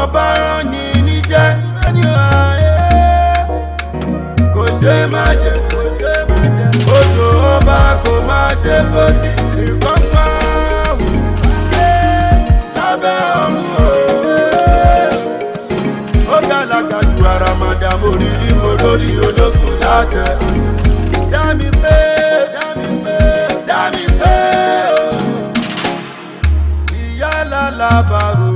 ọba rán ni níjẹ́ ẹni ààyè kò ṣe má jẹ kò ṣe má jẹ odò ọba kò má ṣe kó sí ìkọ́pá wù lé lábẹ́ ọ̀run òye ó yàrá kájú ara màdà mo rí rí mo lórí olókùn látẹ̀ dá mi pé dá mi pé dá mi pé ìyá làlábàrò.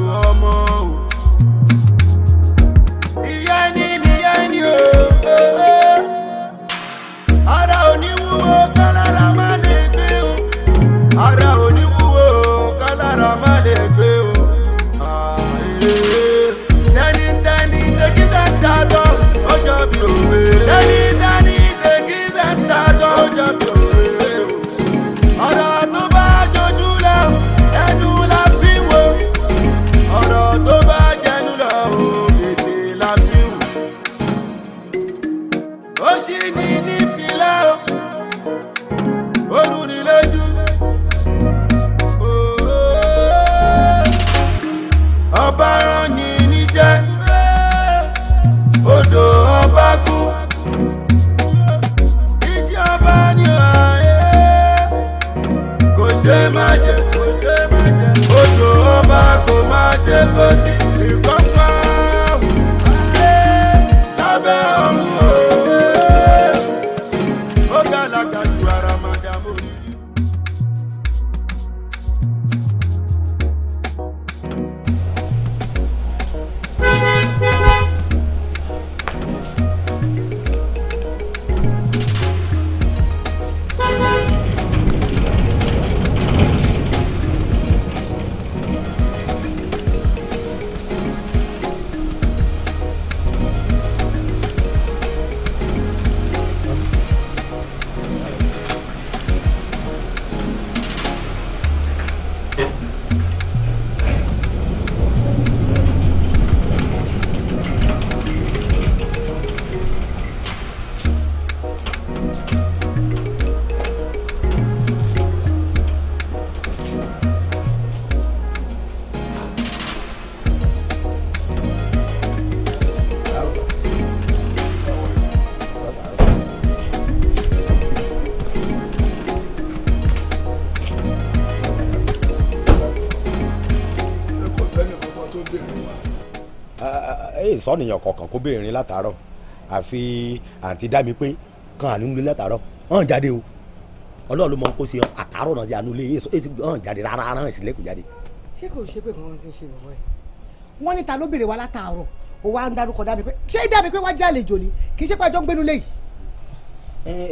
sọ́nìyàn kọ̀ọ̀kan kó béèrè látàárọ̀ àfi àǹtí dá mi pé kan àánú lé látàárọ̀ hàn jáde o ọlọ́run ló mọ kó ṣe àtàárọ̀ náà àánú lé hàn jáde rárá hàn sílẹ̀ kò jáde. ṣé kò ṣe pé kí wọ́n ti ń ṣe bàbá ẹ̀. wọ́n ní ta ló béèrè wa látàárọ̀ ó wá ń dárúkọ dá mi pé ṣé dá mi pé wá jẹ́ àlejò ni kì í ṣe pé ẹjọ́ ń gbénu léyìí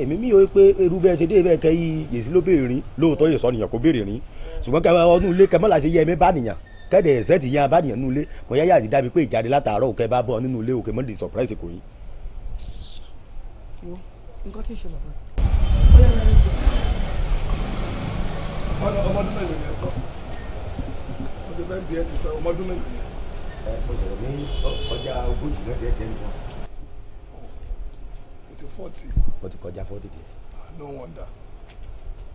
èmi mi ò pé irú bẹ́ẹ̀ ṣe dé bẹ́ẹ̀ kẹ́ yèsí ló béèrè rí lóòótọ́ yèsọ́ nìyàn kó béèrè rí ṣùgbọ́n kẹ́ tẹ́lẹ̀ ẹ̀sẹ̀tì yẹn abániyàn nínú ilé kò yá yàtì dábìí pé ìjáde látàárọ̀ òkè bá bọ̀ nínú ilé òkè mọ́ di kò yín. Oh, forty. kọjá forty díẹ̀. Ah, no wonder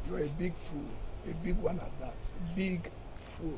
you are a big fool a big one at that big fool.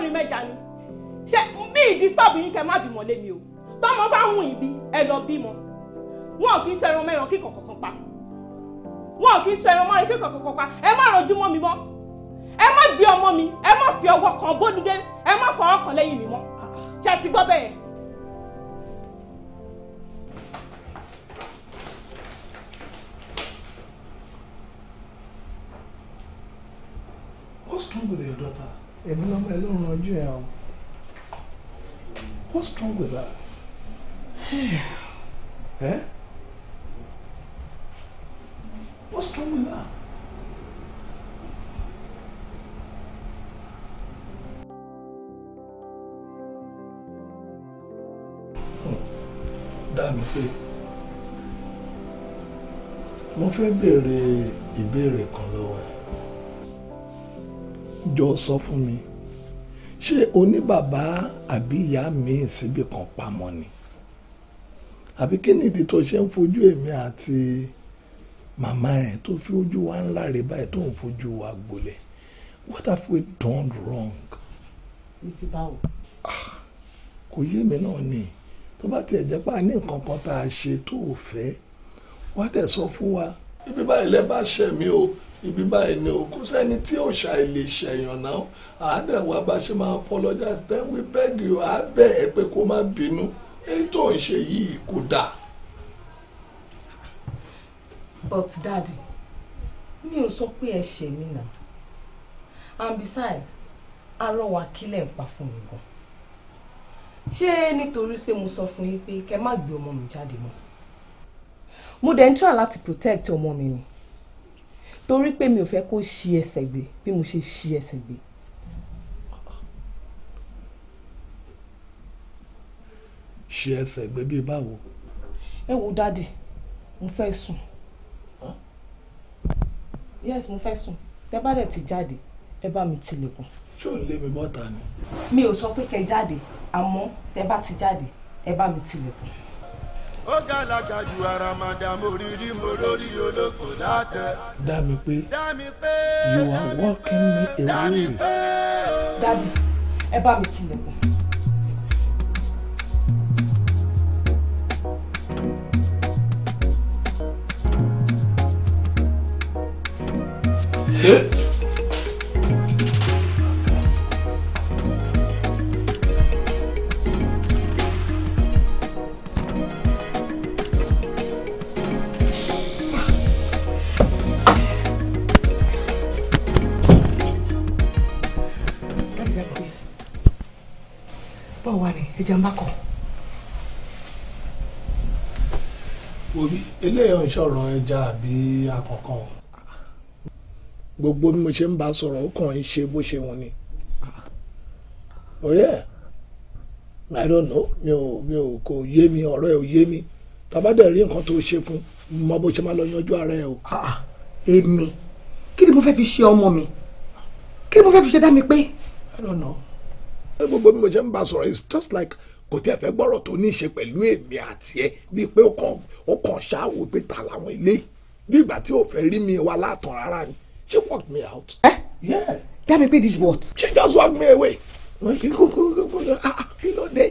orin mẹ́ja ni ṣé bí ìdísọ́ọ̀bù yín kẹ́ má bímọ lémi o tọ́mọ bá wù yín bí ẹ lọ bímọ wọn kì í sọ ẹran mẹ́ran kíkan pa wọn kì í sọ ẹran mẹ́ran kíkan pa ẹ má rojú mọ́ mi mọ́ ẹ má gbé ọmọ mi ẹ má fi ọwọ́ kan bónúdé ẹ má fọwọ́ kan lẹ́yìn mi mọ́ ṣe ti gbọ́ bẹ́ẹ̀. What's wrong with your daughter? what's wrong with that? eh? what's wrong with that? dá mi pé mo fẹ́ béèrè ìbéèrè kan lọ́wọ́ jọ sọ fún mi ṣé o ní bàbá àbí ìyá míì síbì kan pamọ́ ni àbí kí nìdí tó ṣe ń fojú èmi àti màmá ẹ̀ tó fi ojú wa ńlá rẹ̀ báyìí tó ń fojú wa gbolẹ̀ what have we done wrong. bísí báwo. Ah, kò yé mi náà ni tó bá tiẹ̀ jẹ́ pé a ní nǹkan kan tá a ṣe tó o fẹ́ wá dẹ̀ sọ fún wa ibi báyìí lẹ́ bá ṣẹ̀ mí o ibi báyìí ni òkú sẹ́ni tí ò ṣàì lè ṣẹ̀yàn náà àádẹ́wà bá ṣe máa apologize then we beg you á bẹ̀ ẹ́ pé kó má bínú èyí tó ń ṣe yìí kò dáa. but daddy mi ò sọ pé ẹ ṣe mí náà and besides arọwà kílẹ̀ ń pa fún mi gan ṣé nítorí pé mo sọ fún yín pé kẹ́ má gbé ọmọ mi jáde mọ́ mo dẹ̀ ń try láti protect ọmọ mi ni torí pé mi ò fẹ́ kó ṣi ẹsẹ̀ gbé bí mo ṣe ṣi ẹsẹ̀ gbé. ṣi ẹsẹ̀ gbé bíi báwo. ẹ wo dádì mo fẹ́ sùn yes mo fẹ́ sùn tẹ bá dẹ̀ ti jáde ẹ bá mi tilẹ̀kùn. ṣé ò ń lé mi bọ́ta ni. mi ò sọ pé kẹ́ jáde àmọ́ tẹ bá ti jáde ẹ bá mi tilẹ̀kùn ó gàlagà ju aramada mo rírí olóko látẹ. dá mi pé you are walking me away. dadi ẹ bá mi tilẹ̀kùn. Yeah. ìjàmbá kọ. òbí eléyà ń sọ̀rọ̀ ẹja àbí akọ̀kan gbogbo bí mo ṣe ń bá sọ̀rọ̀ ó kàn ń ṣe bó ṣe wọn ni. òye I don't know mi ò mi ò kò yé mi ọ̀rọ̀ ẹ̀ ò yé mi tàbá dẹ̀ rí nǹkan tó ṣe fún mọ bó ṣe máa lọ yanjú ara ẹ o. Ah, èmi kí ni mo fẹ́ fi ṣe ọmọ mi kí ni mo fẹ́ fi ṣe dá mi pé. I don't know gbogbo bí mo ṣe ń bá sọ̀rọ̀ it's just like kò tí ẹ fẹ́ gbọ́rọ̀ tó ní í ṣe pẹ̀lú èmi àti ẹ bíi pé ó kàn ó kàn ṣáàwó pé ta làwọn ilé bí ìgbà tí ò fẹ́ rí mi wá látàn rárá ni she walked me out. ẹ eh? yeah. dábìí pé did what. she just walked me away. Ah, ah, kí ló dé.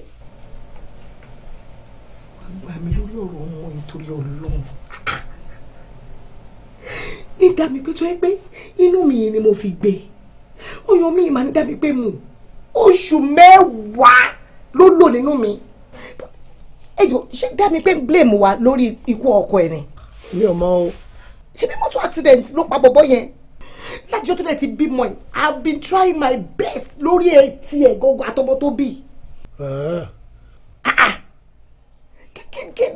àgbà mi lórí ọ̀rọ̀ ọmọ nítorí ọlọ́run ní dàbí pé tó yẹ pé inú mi ni mo fi gbé ọyàn mi máa ń dàbí pé mu oṣù mẹ́wàá ló lò nínú mi ẹjọ ṣé dámi pé ń blame wa lórí ikú ọkọ ẹ ni. mi ò mọ o. ṣé bí mọ́tò accident ló pa bọ̀bọ̀ yẹn láti ọjọ́ tó lè ti bímọ ẹ̀ I've been trying my best lórí ẹ̀ tiẹ̀ gbogbo àtọmọ tó bí. Ah. Ah, ah.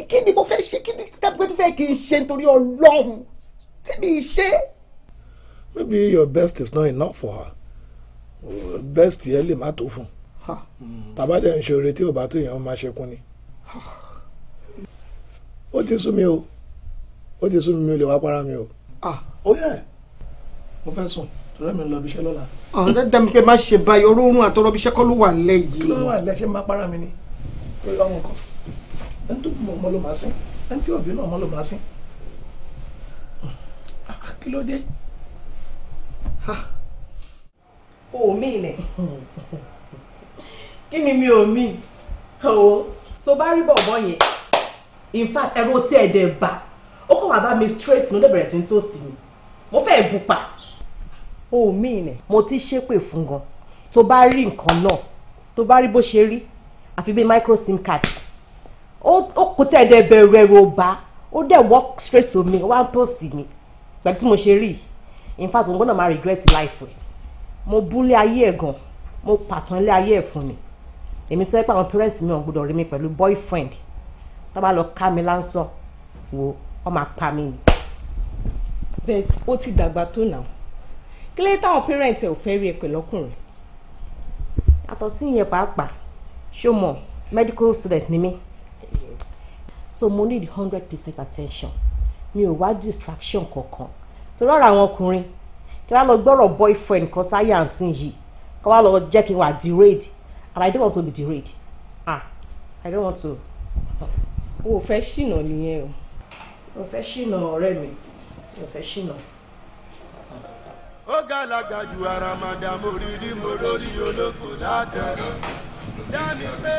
kí ni mo fẹ́ ṣe kí ni tábìlì tó fẹ́ kí n ṣe nítorí ọlọ́run tẹ́mi ṣe. Maybe your best is not enough for her best yẹ lè má tó fún mm. tàbá dẹ̀ ń ṣoore tí ò bá tó yẹn ó máa ṣekún ni ó ti sú mi o ó ti sú mi mi ò lè wá para mi o. ah ó yẹ mo fẹ́ sùn torí mi ń lọ ibiṣẹ́ lọ́la. ọ̀hún ah, dáadáa mi pé má ṣe báyìí orórun àtọrọbíṣẹ́ kọ́ ló wà nílẹ̀ yìí. kí ló wà nílẹ̀ ṣé máa para mi ni lórí ọmọ kan ẹni tó bímọ ọmọ ló máa sìn ẹni tí òbí náà ọmọ ló máa sìn ah, kí ló dé ò mí ilẹ̀ kí ni mi ò mí o tó bá rí bọ̀bọ̀ yẹn in fact ẹ̀rọ tí ẹ̀ dẹ̀ bá ó kọ́ wá bá mi straight ní ó dẹ̀ bẹ̀rẹ̀ sí ní toast mi mo fẹ́ bu pa ò mí ilẹ̀ mo ti ṣépè fún gan tó bá rí nǹkan náà tó bá rí bó ṣe rí àfi bí micro sim card ó kò tẹ̀ dẹ̀ bẹ̀rù ẹ̀rọ bá ó dẹ̀ walk straight to me one post mi pẹ̀lú tí mo ṣe rí in fact mo gbọ́dọ̀ máa regret life rẹ̀ mo búlé ayé ẹ̀ gan mo pàtàn lé ayé ẹ̀ fún mi èmi tó yẹ pé àwọn parents mi ò gbọdọ̀ rí mi pẹ̀lú boyfriend tó bá lọ ká mi lásán wo wọ́n máa pa mí ni. bet ó ti dàgbà tó náà kí lẹ́yìn táwọn parents ẹ̀ ò fẹ́ rí ẹ pẹ̀lú ọkùnrin. àtọ̀ sí ìyẹn pàápàá ṣó mọ̀ medical student ni mí so mo need hundred percent attention mi ò wá distraction kankan torí ọ̀rọ̀ àwọn ọkùnrin kí wàá lọ gbọ́rọ̀ boyfriend kan sáyà ń sìn yìí kí wàá lọ jẹ́ kí n wà derayed and I don't want to be derayed ah I don't want to. o ò fẹ́ ṣìnà nìyẹn o. o ò fẹ́ ṣìnà ọ̀rẹ́ mi o ò fẹ́ ṣìnà ó gàlagà ju aramada mo rí rí mo lórí ológun látẹ̀rọ. dámi pé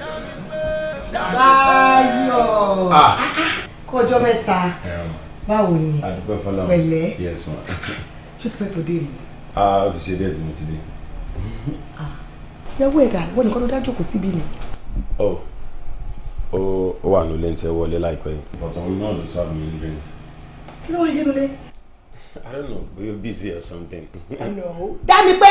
dámi pé dámi pé. báyọ̀ kọjọ́ mẹ́ta báwo ni pẹ̀lẹ́ ṣé ti fẹ́ tó dé mi. ah ó ti ṣe díẹ̀ tí mo ti dé. Ah, ìyàwó ẹ̀dá wọ́n nìkan ló dá jókòó síbí ni. ó ó ó wà nílé tí ẹ wọlé láìpẹ́ yìí. bàtà òun náà ló sábà mi nílé. kí ń ṣe I don't know we you busy or something. no dá mi pé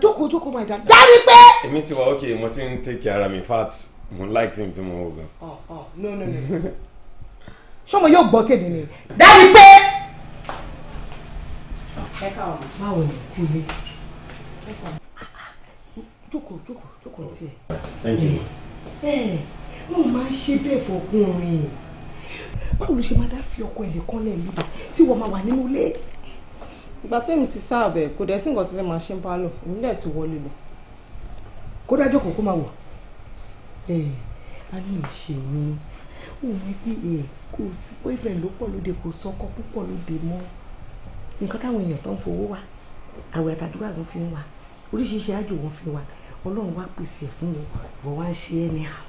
jókòó jókòó máa dá dá mi pé. èmi ti wá ok mo ti ń take care of mi fat mo like him tí mo wò gan. Oh, oh, no no no ṣọmọ yóò gbọ́ tèmi ni dá mi pé báwo ni kú ilé. jókòó jókòó jókòó tiẹ̀. ẹ ẹ mo máa ń ṣe bẹ́ẹ̀ fọkùnrin báwo ló ṣe máa dá fi ọkọ ẹ̀lẹ́ kan lẹ́ẹ̀lú tí wọ́n máa wà nínú ilé. ìgbà tẹ́mi ti sáàbẹ̀ kò dẹ̀ sí nǹkan tí fẹ́ máa ṣe ń bá lọ òun dẹ̀ ti wọlé lọ. kó dájọ́ kò kó máa wọ̀ ẹ̀ á ní ìṣe mi òun ẹgbẹ́ ẹ̀ kò sí boyfriend ló pọ̀ lóde kò sọ́kọ púpọ̀ lóde mọ́ nǹkan táwọn èèyàn tó ń fowó wa àwẹ̀ àtàdúrà ló fi ń wa oríṣiríṣi àjò wọn fi wa ọlọ́run wá pèsè ẹ̀ fún wọn wọ́n wá ń ṣe é ní àrùn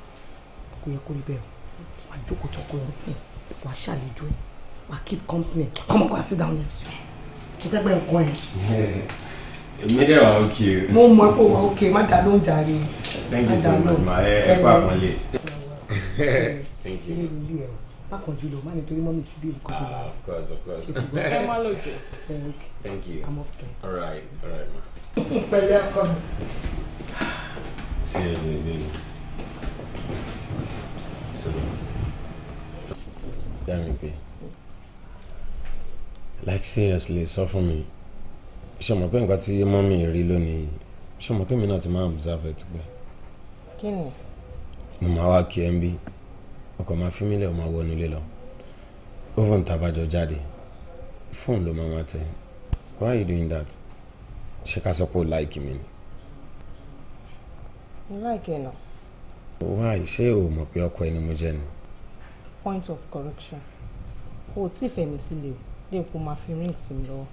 kò yẹ kó rí bẹ́ẹ̀ o wà jókòó tọkọ ẹ̀ ń sìn wà ṣàlejò ẹ̀ wà keep company come on go sit down next to me. you kò sẹ́gbẹ́ nǹkan ẹ̀. èmi dẹ̀ wà ókè o. mo mọ epo wà ókè má dá ló ń jàre. thank you so much ma ẹ ẹ kó àpọ́nlé. thank you bákan jùlọ má nítorí mọ́mí ti dé ah, of course of course. ẹ má thank you i'm off guys. all right all right ma. pẹ̀lú akọ mi. sí ẹ lè like seriously sọ me. mi ṣe mọ̀ pé nǹkan tí mọ́mí rí lónìí ṣe mọ̀ pé mi náà ti máa observe ẹ̀ tipẹ́. kí mo máa wá kí ẹ ọkọ̀ máa fi mí lẹ̀ ọmọ wọnú ilé lọ oven tabajọ jáde fóònù ló máa máa tẹ why you doing that ṣé ká sọ pé o like mi ni. mo like ẹ náà. why ṣé o mọ̀ pé ọkọ ẹni mo jẹ́ ni. point of correction o ò tí ì fẹ̀mí sílẹ̀ o lè kó máa fi ring sí mi lọ́wọ́.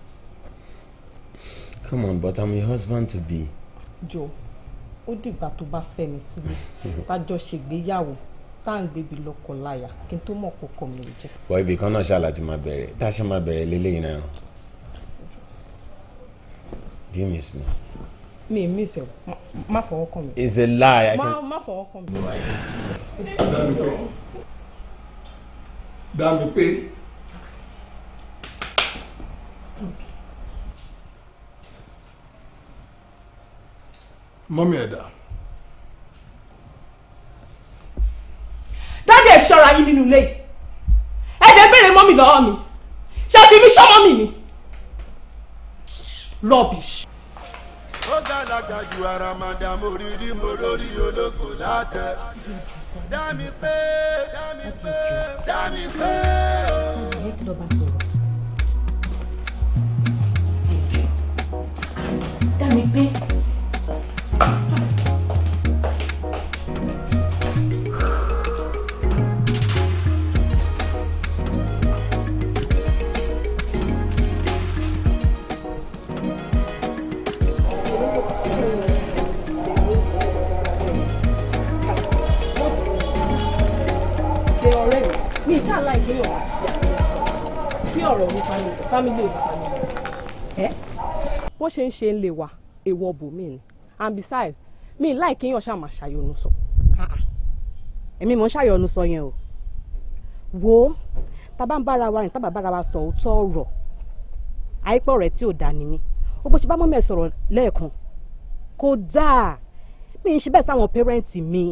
come on but i'm your husband to be. jo ó dìgbà tó bá fẹ́ mi sílẹ̀ tájọ́ ṣègbéyàwó tá à ń gbébi lọ́kọ láya kí n tó mọ̀ kó kọ̀ mi lè jẹ́. wọ ibì kan náà ṣáàlà ti máa bẹ̀rẹ̀ tá a ṣe máa bẹ̀rẹ̀ lélẹ́yìn náà. do you miss me. mi ì miss ẹ má fọwọ́ kàn mí. it's a lie. I can... má fọwọ́ kàn mí. dá mi pé dá mi pé. mọ́mí ẹ̀dá. dáàdì ẹ̀ ṣọ́ra yín nínú ilé yìí ẹ̀dẹ̀ béèrè mọ́mì lọ́wọ́ mi ṣé ti mi ṣọ́mọ́ mi ni rubbish. ó dàgbà ju ara màdà mo rí mo lórí ológo látẹ dámi pé dámi pé dámi pé. dámi pé. ṣáà láì kí èèyàn ṣe àyẹ̀wò sí ọ̀rọ̀ orí fámìlì ìlú fámìlì. ẹ bó ṣe ń ṣe ń lè wà èèwọ̀ bò mí ni and besides mi láì kí èèyàn ṣáà ṣàyọnu sọ èmi mò ń ṣàyọnu sọ yẹn o wo tábà ń bára wa rìn tábà bára wa sọ òótọ́ ọ̀rọ̀ àìpẹ́ ọ̀rẹ́ tí ò dá ni mí o bó ṣe bá mọ́mọ́ ẹ̀ sọ̀rọ̀ lẹ́ẹ̀kan kò dáa mi ń ṣe bẹ́ẹ̀ sáwọn pẹ́rẹ́ǹtì mi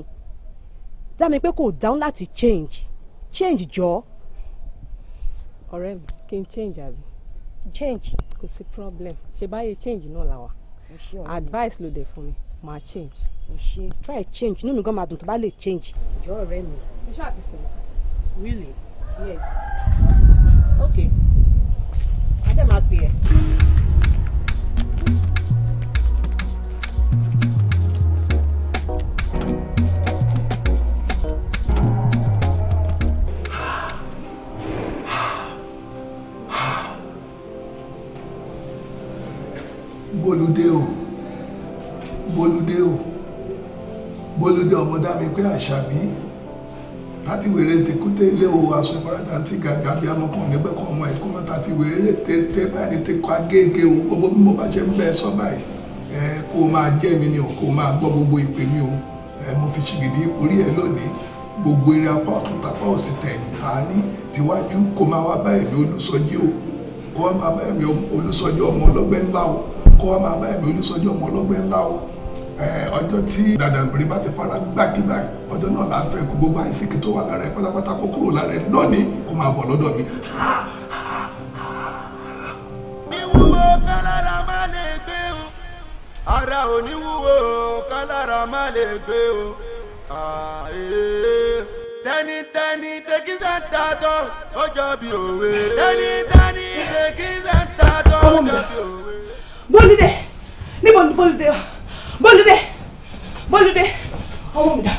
dá mi pé kò dáhùn láti change change jọ. ọ̀rẹ́ mi kí n change àbí. change. kò sí problem ṣe báyìí change náà la advice ló dé fún mi máa change. o ṣe try change inú mi gan máa dùn tó bá lè change. ìjọ ọ̀rẹ́ mi. mo ṣáà ti sìn really yes okay adé máa pè ẹ́. bólúdé o bólúdé o bólúdé ọmọ dámi pé àṣàbí láti wèrè ti kú tẹ ilé o aṣọ ìfaradà ti gàjà bí amọkùnrin nígbà kan ọmọ ẹ̀kọ́ máa ta ti wèrè lè tẹ tẹ báyìí ní ti kọ agége o gbogbo bí mo bá ṣe ń bẹ sọ báyìí ẹ kó o máa jẹ́ mi ni o kó o máa gbọ́ gbogbo ìpè mi o ẹ mo fi ṣìgìdì orí ẹ lónìí gbogbo eré apá ọ̀tún tapá òsì tẹ̀yìn tààrí tiwájú kó máa wá báyìí mi olùsọjí o kó wá máa báyìí mi olùsọjí ọmọ ọlọ́gbẹ́ ńlá o kó wa máa bá ẹ̀mí olùsọjọ́ ọmọ ọlọ́gbẹ́ ńlá o ọjọ́ tí dàdàbìrì bá ti fara gbági báyìí ọjọ́ náà la fẹ́ kó gbogbo àìsíkì tó wà lára ẹ̀ pátápátá kó kúrò lára ẹ̀ lónìí kó máa bọ̀ lọ́dọ̀ mi. wíwúwo kálára má lè gbé o ara ò ní kálára má lè gbé o tẹnitẹni tẹkísà tààtọ̀ ó jọ bí òwe tẹnitẹni tẹkísà tààtọ̀ ó jọ bí òwe. 멀리대네 멀리 멀리래요 멀리대멀리대 어머니다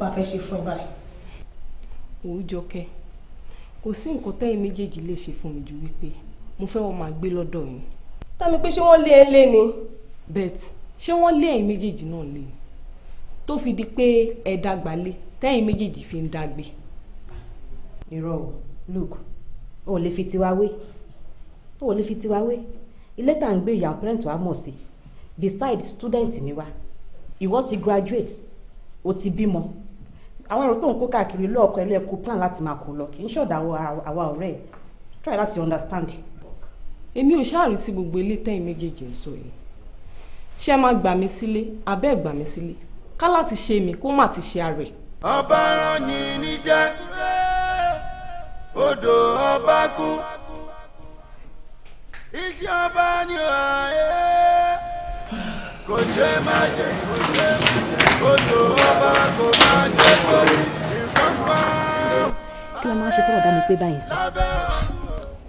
bá fẹ́ ṣe fún ẹ báyìí. òun jọkẹ́ kò sí nǹkan tẹ́yìn méjèèjì lè ṣe fún mi ju wípé mo fẹ́ wọn máa gbé lọ́dọ̀ yín. tàbí pé ṣé wọ́n lé ẹ lé ni. bet ṣé wọ́n lé ẹ̀yin méjèèjì náà lé ni tó fi di pé ẹ dàgbà lé tẹ́yìn méjèèjì fi ń dàgbé. irọ́ o look o lè fi tiwa wé o lè fi tiwa wé ilé tá à ń gbé ìyá parent wa mọ̀ sí beside student ni wa ìwọ ti graduate o ti bímọ àwọn èrò tó ń kó káàkiri lọ́ọ̀kọ́ ẹlẹ́ẹ̀kú plan láti máa kó lọ kì í ṣọ̀dà àwa ọ̀rẹ́ ẹ̀ try láti understand. èmi ò ṣáà rí sí gbogbo ilé tẹ́yìn méjèèjì ń sọ yìí ṣé máa gbà mí sílé abẹ́ gbà mí sílé ká láti ṣe mí kó má ti ṣe ààrẹ. ọba ni níjẹ́ odò ọba kú iṣẹ́ ọba ni ọ̀hẹ́ kò ṣe má jẹ́ kú kí la máa ṣe sọ̀rọ̀ dá mi pé báyìí sí.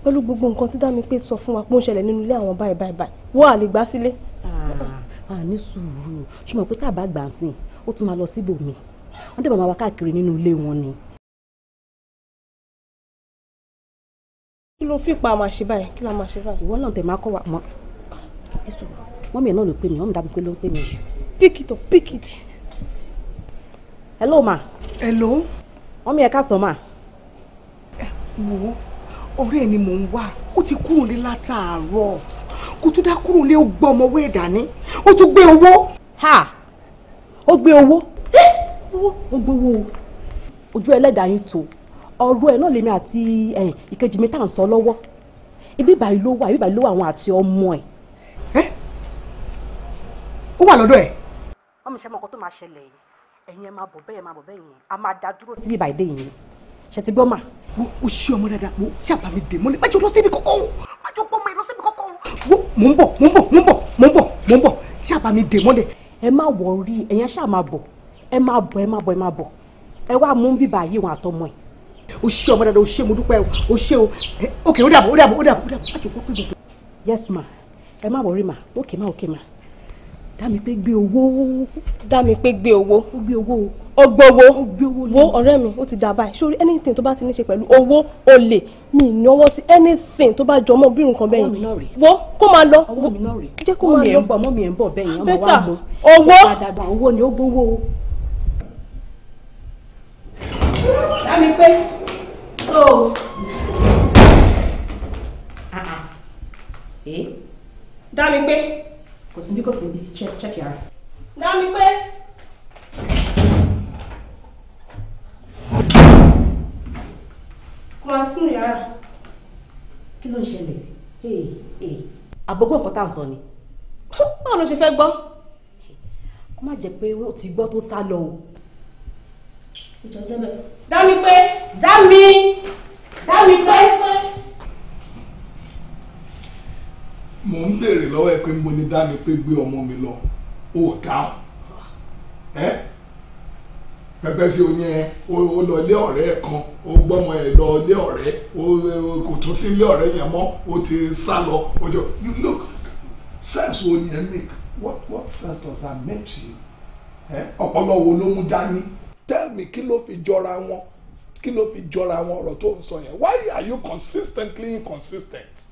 pẹ̀lú gbogbo nǹkan tí dámi pé sọ fún wa pé ó ń ṣẹlẹ̀ nínú ilé àwọn báyìí báyìí báyìí wọ́n à lè gbá sílé. Ah, a sùúrù ṣùgbọ́n pé tá a bá gbà ń sìn ó tún máa lọ síbòmí wọ́n dẹ̀ máa wá káàkiri nínú ilé wọn ni. kí ló fi pa àwọn àṣìbá yẹn kí la máa ṣe báyìí. ìwọ náà tẹ̀ máa kọ́ wa mọ́ mọ́mí ẹ̀ náà ló pè mí mọ́mí dábìí pé ló ń pè mí pick it up pick it. hello ma. hello. wọ́n mi ẹ̀ ká sọ ma. ẹ wo ọ̀rẹ́ ẹ̀ ni mò ń wá ó ti kúrò ní látàárọ̀ kó tó dá kúrò ní ó gbọ́ ọmọ ó tún gbé owó. ha ó gbé owó ó gbowó ojú ẹlẹ́dàá yín tó ọ̀rọ̀ ẹ̀ náà lèmi àti ìkejì mi tá à ń sọ lọ́wọ́ ibi ìbàyí ló wà ibi ìbàyí ló wà àwọn àti ọmọ ẹ̀. ó wà lọ́dọ̀ ẹ̀ wọ́n mi ṣe mọ nǹkan tó máa ṣẹlẹ̀ yìí ẹ̀yin ẹ̀ máa bọ̀ bẹ́ẹ̀ máa bọ̀ bẹ́ẹ̀ yẹn a máa da dúró síbi ìbàdí yìí ṣe ti gbọ́ mà. wo o ṣe ọmọ dáadáa wo ṣe àbá mi dè mọ́lẹ̀ má jẹ́ lọ síbi kọ́kọ́ o má jẹ́ gbọ́ mọ́ ẹ lọ síbi kọ́kọ́ o. wo mò ń bọ̀ mò ń bọ̀ mò ń bọ̀ mò ń bọ̀ mò ń bọ̀ ṣe àbá mi dè mọ́lẹ̀. ẹ má wọ orí ẹ̀yin ṣáà máa bọ̀ ẹ má bọ̀ ẹ má bọ̀ ẹ má bọ̀ ẹ wá mú bíbá yìí wọn àtọmọ ẹ. o ṣe ọmọ dáadáa o ṣe mo dúpẹ́ o ṣe o ok ó dàbọ̀ ó dàbọ̀ ó dàbọ̀ má jẹ́ gbọ́ pé gbogbo. yes ma ẹ má wọrí ma ok ma ok ma dámi pé gbé owó. dámi pé gbé owó. ó gbé owó o. ó gbé owó. ó gbé owó wo ọ̀rẹ́ mi ó ti dà báyìí sórí anything to bá ti ní ṣe pẹ̀lú owó olè mi ìnáwó sí anything to bá jọ mọ́ bí nǹkan bẹ́yìn. ọwọ́ mi náà rè. wo kó máa lọ. ọwọ́ mi náà rè. jẹ́ kó máa lọ. ọmọ mi ẹ̀ ń bọ̀ ọmọ mi ẹ̀ ń bọ̀ bẹ́yìn ọmọ wa mọ́. owó. àdàbà ni ó gbówó o. dámi pé so. Ah, ah. eh? dámi pé kò sí bí kò check check yàrá. dá mi pé. kò máa sínú yàrá kí ló ń ṣẹlẹ̀ àgbọ̀gbọ̀ nǹkan tá à ń sọ ni báwo ló ṣe fẹ́ gbọ́ kó má jẹ́ pé ó ti gbọ́ tó sá lọ o. dá mi pé dá mi dá mi pé mò ń béèrè lọ́wọ́ ẹ pé mo ní dání pé gbé ọmọ mi lọ ó dáhùn ẹ pẹpẹ sí oyin ẹ ó lọ ilé ọ̀rẹ́ ẹ kan ó gbọ́mọ ẹ lọ ilé ọ̀rẹ́ ó kò tún sí ilé ọ̀rẹ́ yẹn mọ́ ó ti sá lọ ó jọ you look sense wo ni ẹ make what what sense does that make to you ẹ ọpọlọ wo ló mú dání tell me kí ló fi jọra wọn kí ló fi jọra wọn ọ̀rọ̀ tó ń sọ yẹn why are you consistently inconsistent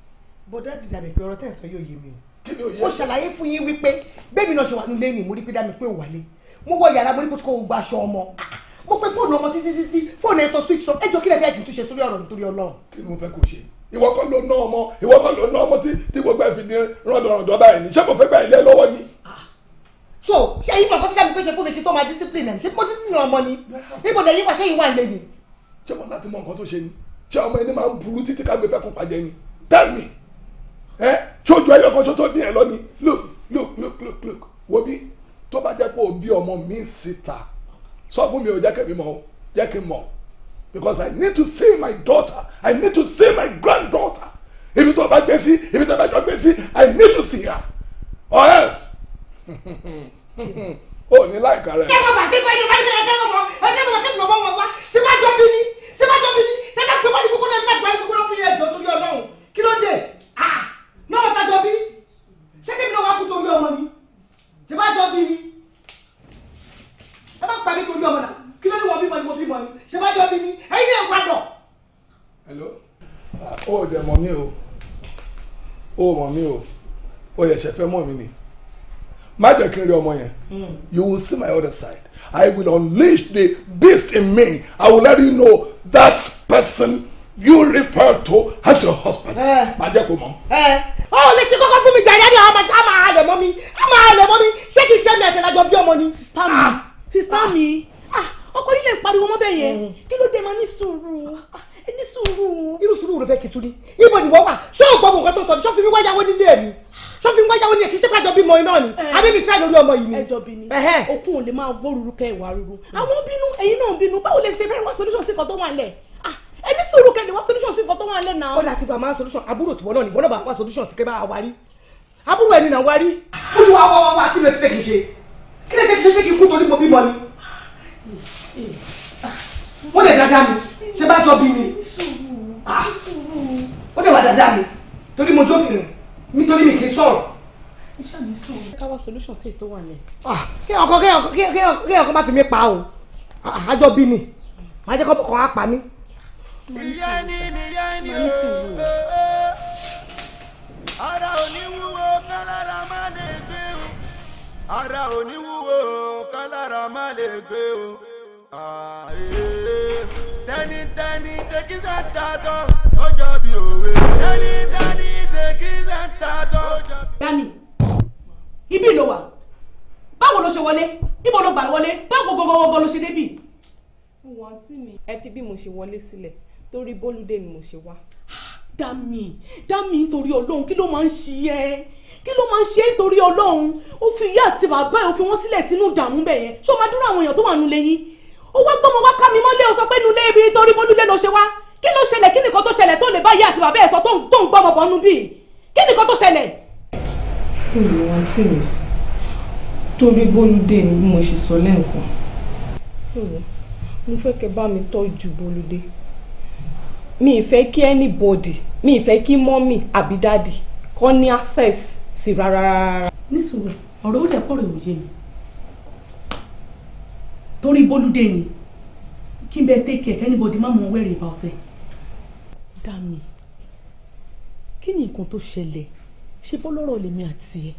bọ́dá dìdàbẹ̀ pé ọ̀rọ̀ tẹ̀ ń sọ yóò yé mi o. ó ṣàlàyé fún yín wípé bẹ́ẹ̀mi náà ṣe wà nílé ni mo rí pé dá mi pé ò wálé mo wọ yàrá mo rí pé kò gba aṣọ ọmọ ah, mo pe fóònù ọmọ títí títí fóònù ẹ sọ switch off ẹ jọ kí lẹ́fẹ̀ẹ́ kì í túnṣe sórí ọ̀rọ̀ nítorí Ọlọ́run. kí mo fẹ́ kó ṣe ìwọ kọ́ ló ná ọmọ ìwọ kọ́ ló ná ọmọ tí tí gbogbo ẹ̀ fi di rọ̀dọ̀rọ̀dọ̀ báyìí ni ṣé mo fẹ́ gbà ilé lọ́wọ́ ni. Ah, so ṣé yín mọ̀ kọ́ títà mi pé ṣe fún mi kí tó máa discipline ẹ̀ ṣé mo ti nù ọmọ ni níbo ni ẹ̀yin wà ṣé yín wà ń lé ni. ṣé mo láti mọ nǹkan tó ṣe ni ṣé ọmọ ẹni máa ń burú títí ká gbé fẹ́ kó pàjẹ́ ni tell me ẹ ṣojú ẹyọ kan ṣoṣo ní ẹ lọ ni look look look look look wo bí tó bá jẹ́ pé o bí ọmọ mi síta sọ fún mi o jẹ́ kí mi mọ̀ o jẹ́ kí n mọ̀ because I need to see my daughter I need to see my granddaughter ibi tó bá gbé sí ibi tó bá jọ gbé sí I need to see her or else o ní láìka rẹ. ẹ̀fọ́ bàtí pé ẹni bàtí ẹ̀fẹ́ mọ̀ mọ̀ ẹ̀fẹ́ mọ̀ kí n lọ́wọ́ wọn wá síwájú bí ní síwájú bí ní tẹ́lẹ̀ pé wọ́n ní kúkúrú ẹ̀ ń bá gbà ní kúkúrú fún yẹn jọ torí ọlọ́run kí ló dé ah náà tájọ bí ṣé kí mi náà wá kú torí ọmọ ni tí bá jọ bí ni ẹ bá pa mí torí ọmọ náà kí ló ní wọ bímọ ni mo bímọ ni ṣé bá jọ bí ni ẹ̀yin náà wá dọ̀. hello ó ò dẹ̀ mọ̀ mí o ó mọ̀ mí o ó yẹ ṣẹ̀fẹ̀ mọ̀ mí ni má jẹ́ kí n rí ọmọ yẹn hmm. you will see my other side I will unleash the beast in me I will let you know that person you refer to as your husband eh. má jẹ́ kó mọ̀. Eh ó lè ṣe kọ́kọ́ fún mi gbàdé ni àwọn ọmọ àmà àlẹ̀ mọ́ mi àmà àlẹ̀ mọ́ mi ṣé kì Sister me. mi ẹ̀sẹ̀ lájọ bí ọmọ ni. sista mi ah. sista ah. mi ah, ọkọ yìí lè pariwo mọ́ bẹ́ẹ̀ yẹn mm. kí ló dé máa ní sùúrù ní You irú sùúrù ló Show up. n tún ní ibo ni wọ́n wà ṣé o gbọ́ nǹkan tó sọ ṣọ́ fi mi wáyàwó nílé mi ṣọ́ fi mi wáyàwó nílé kì í ṣe pàjọ́ bímọ iná ni eh. àbí mi tíráì lórí ọmọ yìí ni. ẹjọ bi ni okun ò lè máa gbó ruru kẹ ìwà ruru àwọn bínú ẹ̀yin náà bínú báwo lè ṣe fẹ́rẹ̀ wá solution sí kan to wà lẹ̀ ẹni sọ̀rọ̀ kẹ́ni wá solution sí nǹkan tó wà ń lẹ̀ náà. ọ̀dà àti bàmá solution àbúrò tiwọn náà nìbọn náà bá wá solution sí kébà àwárí àbúrò ẹni náà wárí. ó ti wá wá wá wá kí ló ti fẹ́ kí n ṣe kí ló ti fẹ́ kí n ṣe ṣé kí n kú torí mo bímọ ni. ó lè dáadáa mi ṣé bá jọ bí mi. Ah. ó lè wà dáadáa mi torí mo jókòó mi torí mi kì í sọ̀rọ̀ iṣẹ́ mi sùn. káwa solution sí ètò wà ní. Ah, kí ọkọ kí ọkọ kí ọkọ bá fi mi pa o àjọ ah, bí mi màá jẹ́ kọ́ ọkọ̀ á pa mí ìyẹn ni nìyẹn ni o ara oníwúwo kálára má lè gbé o ara oníwúwo kálára má lè gbé o ah, eh, eh. tẹnitẹni tẹkísà tàtọ ó jọ bí òwe tẹnitẹni tẹkísà tàtọ ó jọ. dani ibi ló wà báwo ló ṣe wọlé níbo ló gbà wọlé báwo gbogbogbò ló ṣe débì. wọn àǹtí mi ẹ fi bí mo ṣe wọlé sílẹ̀ torí bólúdé ni mo ṣe wá. dami dami nítorí ọlọ́run kí ló máa ń ṣe ẹ́ kí ló máa ń ṣe é nítorí ọlọ́run ó fi ìyá àti bàbá ẹ̀ ó fi wọ́n sílẹ̀ sínú ìdààmú bẹ̀ yẹn ṣó máa dúró àwọn èèyàn tó wà nulẹ̀ yín ó wá gbọ́mọ wá ká mi mọ́lé ó sọ pé nulẹ̀ ibi nítorí bólúdé ló ṣe wá kí ló ṣẹlẹ̀ kí nìkan tó ṣẹlẹ̀ tó lè bá ìyá àti bàbá ẹ̀ sọ tó ń gbọ́mọ bọ̀ nú bíi kí nìkan tó ṣẹlẹ̀. olùwàntì mi torí bólúdé ni bí mo ṣe sọ mi ì fẹ́ kí anybody mi ì fẹ́ kí mọ́mì àbí dáàdì kọ́ ní access sí rárá. nísòro ọ̀rọ̀ ó dẹ̀ pọ̀ rẹ̀ ò yé mi torí bólúdé ni kí n bẹ take care anybody má mọ wẹ́rì about ẹ̀. dami kí ni nǹkan tó ṣẹlẹ̀ ṣe bọ́ lọ́rọ̀ lèmi àti ẹ̀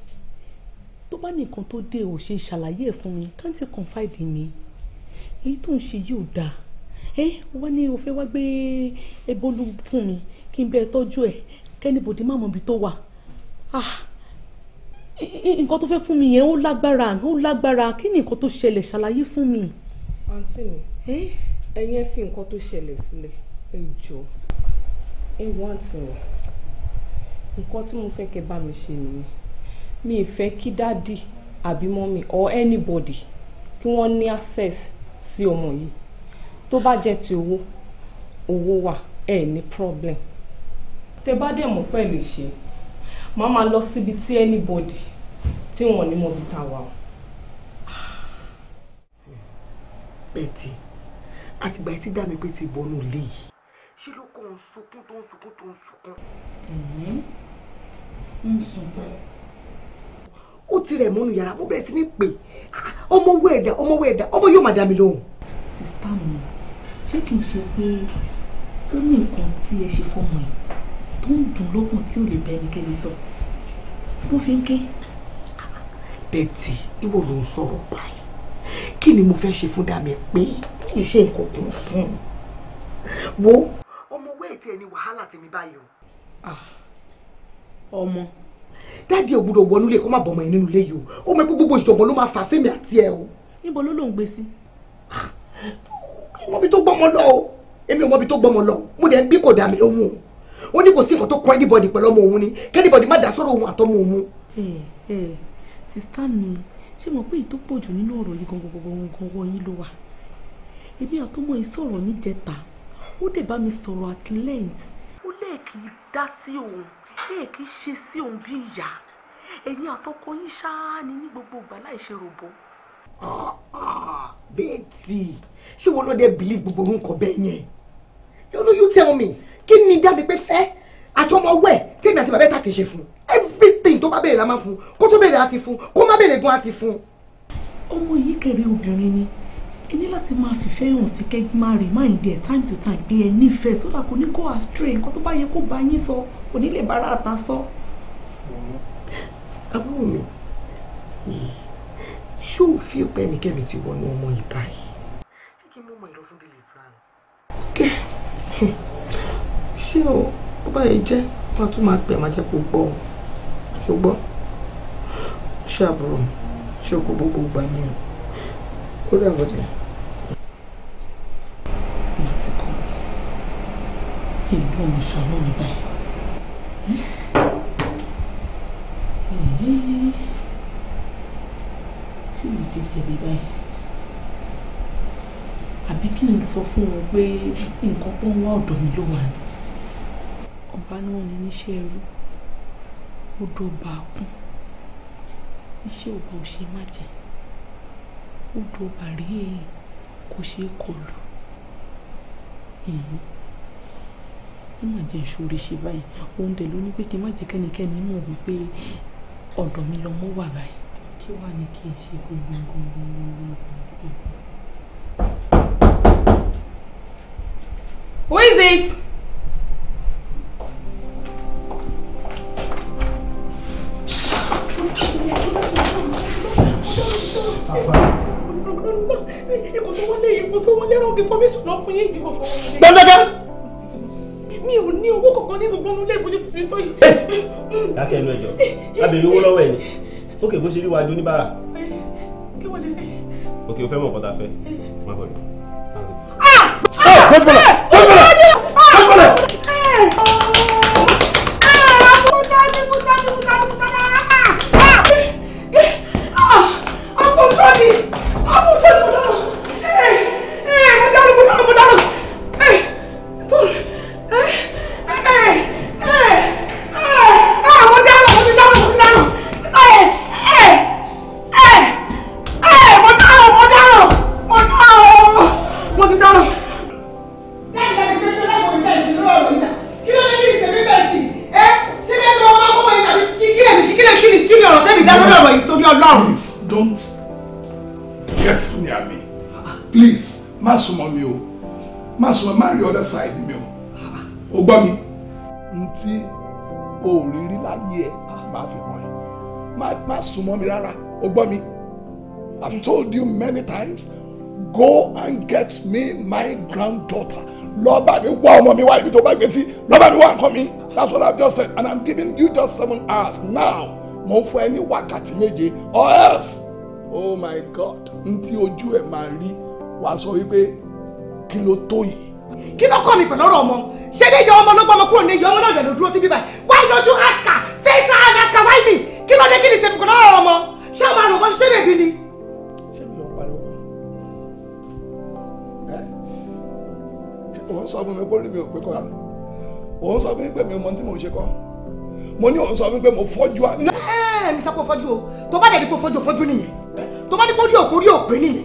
tó bá ní nǹkan tó dé ò ṣe ṣàlàyé ẹ̀ fún mi can't you confide in me èyí tó ń ṣe yìí dáa ẹ wọ́n ní òfin wá gbé ebolu fún mi kí n bẹ́ẹ̀ tọ́jú ẹ̀ kẹ́nìbòdì má mọ̀ ibi tó wà ah, nǹkan tó fẹ́ fún mi yẹn ó lágbára ó lágbára kí ni nǹkan tó ṣẹlẹ̀ ṣàlàyé fún mi. àǹtí mi ẹ̀yin ẹ fi nǹkan tó ṣẹlẹ̀ sílẹ̀ ẹ jọ̀ọ́ ẹ wọ́n àǹtí mi nǹkan tí mo fẹ́ kẹ́ bá mi ṣe nìyẹn mi ì fẹ́ kí dáàdì àbí mọ́mì or anybody kí wọ́n ní access sí ọmọ yìí tó bá jẹ́ ti owó owó wà ẹ ní problem tẹ bá dẹ̀ mọ́ pẹ̀lú ṣe màá máa lọ síbi tí anybody tí wọ́n ní mọ̀ bí ta wà o. Betty àtìgbà tí dá mi pé ti bọ́nú ilé yìí ṣé ló kọ́ ń sunkún tó ń sunkún tó ń sunkún. Mm-hmm. ń sunkún. ó ti rẹ̀ mọ́nu yàrá mo bẹ̀rẹ̀ sí ní pè ah, ọmọ owó ẹ̀dá ọmọ owó ẹ̀dá ọmọ yóò má dá mi lóhùn. sista mi ṣé kì í ṣe pé ó ní nǹkan tí ẹ ṣe fọmọ ẹ tó ń dùn lókun tí ò lè bẹ ẹnikẹ́ni sọ tó fi ń ké. Betty ìwọ ló ń sọ̀rọ̀ báyìí kí ni mo fẹ́ ṣe fún dàmí pé kì í ṣe nǹkan kan fún un wo ọmọ wẹ́ẹ̀tì ẹni wàhálà tèmi báyìí o. Ah, ọmọ. Ah dáàdi ògbúdọ̀ wọnú ilé kó má bọ̀mọ̀ yín nínú ilé yìí o ó mọ gbogbo ìjọ̀gbọ̀n ló máa fà fẹ́mi àti ẹ o. níbo ló lóun gbé sí mọbi tó gbọmọ lọ o èmi ò mọbi tó gbọmọ lọ mo dẹ̀ ń bí kò dà mí lóhùn o ó ní kò sí nǹkan tó kọ anybody pẹ̀lú ọmọ òun ni kẹ́nìbọ̀dì má dá sọ́rọ̀ òun àtọmọ òun. ẹ ẹ sista mi ṣé mo pé èyí tó pọ̀ jù nínú ọ̀rọ̀ yìí gangan gangan gangan yìí ló wà èmi àtọmọ yìí sọ̀rọ̀ níjẹta ó dẹ̀ bá mi sọ̀rọ̀ at length ó lẹ́ẹ̀kì dá ní gbogbo ìgbà láì ṣe ròbó Betty. ṣé wọn ló dé believe gbogbo orúkọ bẹ́ẹ̀ yẹn yóò ló you tell me kí ni dábì pé fẹ́ àtọmọwẹ́ tèmi àti bàbá ẹ̀ ta kì í ṣe fún everything tó bá béèrè la máa fún kó tó béèrè àti fún kó má béèrè gan àti fún. ọmọ yìí kẹrin obìnrin ni ẹ ní láti máa fìfẹ́ hàn sí kẹ́gbẹ́ máa rè máa ń dẹ̀ time to time pé ẹ nífẹ̀ẹ́ sódà kò ní kó astray nǹkan tó bá yẹ kó bá yín sọ kò ní lè bára àta sọ. àbúrò mi ṣé ò fi ọpẹ́ mi kẹ́mi ti wọnú ọmọ yìí báyìí. ṣé kí n mú ọmọ ìlọ fún deliverance. ok ṣé o ó báyìí jẹ́ wọ́n tún máa pẹ̀ máa jẹ́ kó gbọ́ o ṣùgbọ́n ṣé àbúrò ṣé o kò gbogbo gbà mí o ó dàbọ̀dẹ̀. mo ti kọ́ ọtí ìlú ọmọ ṣàlọ́ mi báyìí tí mi ti jẹ̀bi báyìí àbí kí n sọ fún wọn pé nǹkan tó ń wá ọ̀dọ̀ mi ló wà ní. ọba náà ní níṣẹ́ ẹrú ó dọba kún iṣẹ́ ọba ò ṣe má jẹ́ ó dọba rí èyí kò ṣeé kò lù èyí ó mà jẹ́ ìṣòro ṣe báyìí òun dẹ̀ ló ní pé kí n má jẹ́ kẹ́nikẹ́ni mọ̀ wípé ọ̀dọ̀ mi lọ́mọ wà báyìí kí wàá ní kí n ṣe gbogbogbogbogbò. Who is it? Gbẹ́ndẹ́gbẹ́. Mi ò ní owó kankan nínú gbọ́nú lẹ́gbọ́n ṣe tuntun yìí. Dákẹ́ ẹnu ẹ̀jọ̀, lábẹ́ ìlú owó lọ́wọ́ ẹ̀ ni ok bó ṣe rí wájú oníbàárà. Eh, kí wọ́n lè ok o fẹ́ mọ̀ nǹkan tá a fẹ́ eh. má bọ̀ lọ. súnmọ́ mi o má súnmọ́ má rí other side mi o o gbọ́ mi n tí o rí rí láyé ẹ máa fi hàn ẹ́ má súnmọ́ mi rárá o gbọ́ mi I've told you many times go and get me my granddaughter lọ bá mi wá ọmọ mi wá ibi tó bá gbé sí lọ bá mi wá nǹkan mi that's what I've just said and I'm giving you just seven hours now mo ń fún ẹ ní wákàtí méje or else oh my God n tí ojú ẹ máa rí wàá sọ wípé kí ló tó yìí. kí ló kọ́ mi pẹ̀lú ọ̀rọ̀ ọmọ ṣé ní ìyá ọmọ ló gbọ́ ọmọ kúrò ní ìyá ọmọ náà lọ́dọ̀ dúró sí bíbá why don't you ask her say it's not ask her why me kí ló dé kí ni ṣe pẹ̀lú ọ̀rọ̀ ọmọ ṣé ọmọ àrùn kan ṣé bèbí ni. ṣé mi lọ pariwo ẹ òun sọ fún mi pé orí mi ò pé kọ́ òun sọ fún mi pé mi ò mọ tí mò ń ṣe kọ́ mo ní òun sọ fún mi pé mo fọ́jú à. ẹ ẹ ní sápò fọ́jú o tó bá dẹ̀ di pé fọ́jú fọ́jú nìyẹn tó bá di pé orí òkú orí òpè nìyẹn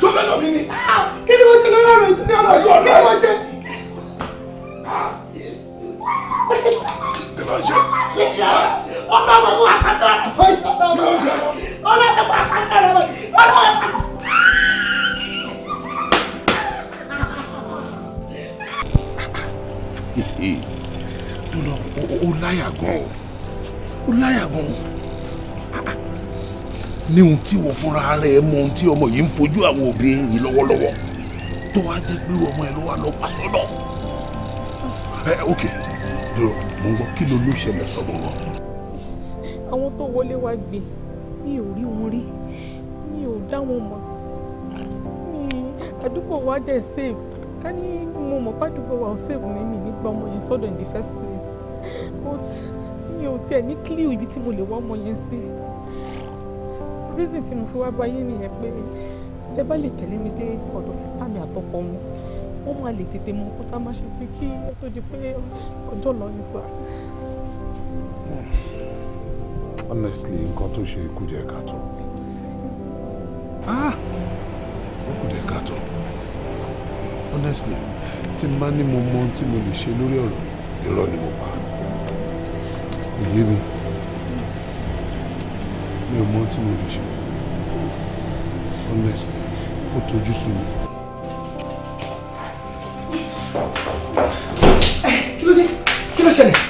tó fẹ́ lọ mí ni. Ah, kí ni mo ṣe lórí ọ̀rọ̀ ìtúrí ọ̀rọ̀ yìí kí ni mo ṣe. kí ló ṣe. ọ̀nà ọmọ àkàtà rẹ̀ kí ló ṣe. ọ̀nà ọmọ àkàtà rẹ̀ ọ̀nà ọmọ àkàtà. dúró o láyà gan o láyà gan o ní ohun tí wọ́n fúnra rẹ̀ mọ ohun tí ọmọ yìí ń fojú àwọn òbí yìí lọ́wọ́lọ́wọ́ tó wá jẹ́ pé ọmọ ẹ ló wá lọ pa sọ́dọ̀ ẹ ok dúró mo ń gbọ́ kí ló ló ṣẹlẹ̀ sọ́dọ̀ wọn. àwọn tó wọlé wá gbé mi ò rí wọn rí mi ò dá wọn mọ̀ mi àdúgbò wa dẹ̀ save ká ní mo mọ̀ pàdúgbò wa ò save mi mi nígbà ọmọ yẹn sọ́dọ̀ in the first place but mi ò tiẹ̀ ní clear ibi tí mo lè wá ọmọ yẹn sí reason tí mo fi wá báyé nìyẹn pé tẹ bá lè tẹ̀lé mi dé ọ̀dọ̀ sísá mi àtọkọ wọn wọ́n máa lè tètè mọ nǹkan tá a máa ṣe sí kí ó tó di pé ọjọ́ lọ ní sá. honestly nǹkan tó ṣe kù díẹ̀ káàtó ah! ó kù díẹ̀ káàtó honestly tí n bá ní mo mọ ohun tí mo lè ṣe lórí ọ̀rọ̀ irọ́ ni mo pa yé mi mọ tí mo lè ṣe honest ó tojú sú mi. kí ló dé kí ló ṣẹlẹ̀.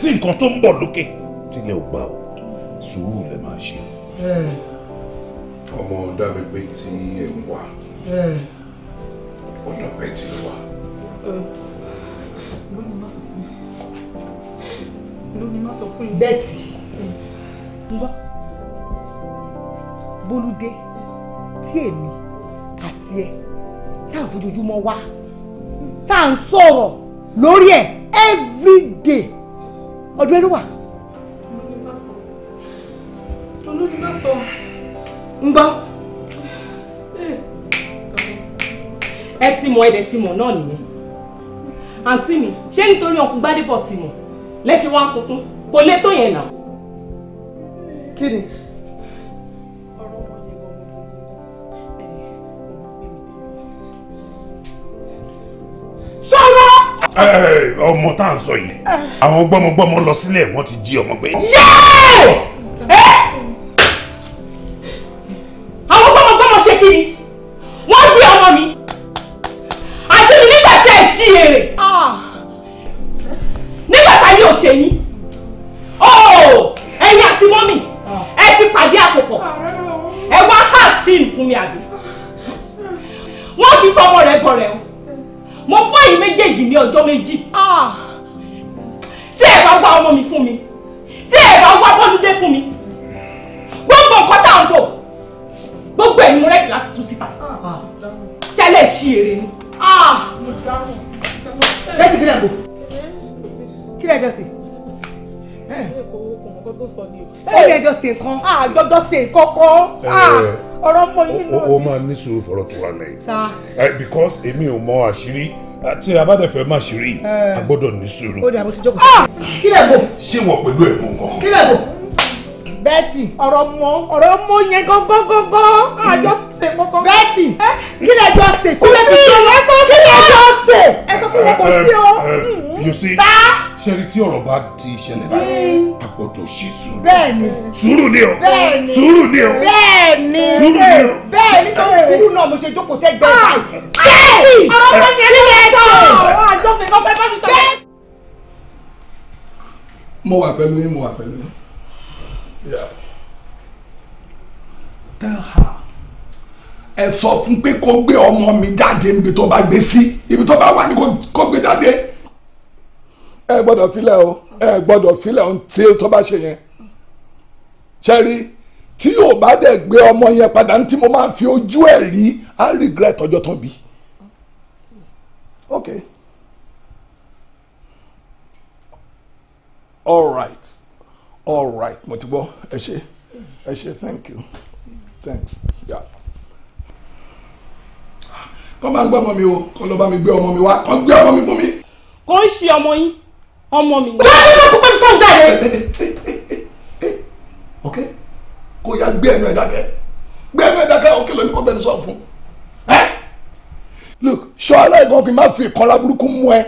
sí nǹkan tó ń bọ̀ lókè tílẹ̀ ò gbà ó sùúrù lẹ máa ṣe o. Eh. ọmọ dábẹ́gbẹ́ tí ẹ ń eh. wà ọ̀dọ̀ bẹ́ẹ̀ ti wà. lónìí má sọ fún mi. bẹ́ẹ̀tì wá eh. bólúdé tí èmi àti ẹ tá à ń fojoojúmọ́ wá tá à ń sọ̀rọ̀ lórí ẹ̀ every day ọdún ẹni wà. olórí má sọ. ń gbọ́. ẹ ti mọ̀ ẹ̀dẹ̀ ti mọ̀ náà nìyẹn àǹtí mi ṣé nítorí ọkùnrin gbádébọ̀ ti mọ̀ lẹ́sẹ̀ wá ń sunkún kò lè tó yẹn náà. kí ni. sọ̀rọ̀ ọmọ tá à ń sọ yìí ah. àwọn gbọ́mọgbọ́mọ lọ sílẹ̀ wọ́n ti jí ọmọ gbé. yóò. lọ ṣe ìkọ̀kọ̀ eh, ah, ọ̀rọ̀ mọ yín náà. o máa ní sùúrù fọ̀rọ̀ tó wà lẹ́yìn eh, because èmi ò mọ àṣírí àti ah, abádẹ́fẹ́ má ṣírí eh. a gbọ́dọ̀ ní sùúrù. ó dà bó ti jókòó sí. Ah! kílẹ̀ bò. ṣé wọ́n pẹ̀lú ẹ̀bùn hmm. kan. kílẹ̀ bò. bẹ́ẹ̀tì. ọ̀rọ̀ mọ ọ̀rọ̀ mọ yẹn gángan gángan àjọ ṣe kankan. bẹ́ẹ̀tì kílẹ̀ jọ ṣe. kò sí ẹ sọ fún mi kò sí o. Hmm. you see ṣẹ́rí tí ọ̀rọ̀ bá ti ṣẹlẹ̀ báyìí hmm. a gbọ́dọ̀ ṣe sùúrù. bẹ́ẹ̀ni sùúrù ni o bẹ́ẹ̀ni sùúrù ni o bẹ́ẹ̀ni sùúrù ni o bẹ́ẹ̀ni tó sùúrù náà mo ṣe jókòó sẹ́gbẹ́ ah! báyìí. bẹ́ẹ̀ni ọ̀rọ̀ bá mi ẹni lè tó ọ̀rọ̀ àjọṣe lọ́pẹ́ bá mi sọ. mo wà pẹ̀lú yín mo wà pẹ̀lú yín. tell her ẹ sọ fún pé kó gbé ọmọ mi jáde níbi tó bá gbé sí ibi tó bá wà ní kó gbé jáde ẹ gbọ́dọ̀ filẹ̀ o ẹ gbọ́dọ̀ filẹ̀ o tí tó bá ṣe yẹn ṣe rí tí yóò bá dẹ̀ gbé ọmọ yẹn padà ní tí mo máa fi ojú ẹ̀ rí á regret ọjọ́ tán bí. okay all right all right mo ti gbọ́ ẹ ṣe ẹ ṣe thank you thanks. Yeah kọ́ máa gbọ́ ọmọ mi o kọ́ lọ bá mi gbé ọmọ mi wá kọ́ gbé ọmọ mi fún mi. kò ń ṣe ọmọ yín ọmọ mi. ọjọ́ tí wọ́n pípẹ́ fún ọ̀gá rẹ̀. ok kò yá gbé ẹnu ẹ̀ dákẹ́ gbé ẹnu ẹ̀ òkè lónìí kò bẹ́ẹ̀ sọ fún. look sọ aláìgàn kì í má fi ìkọlá burúkú mú ẹ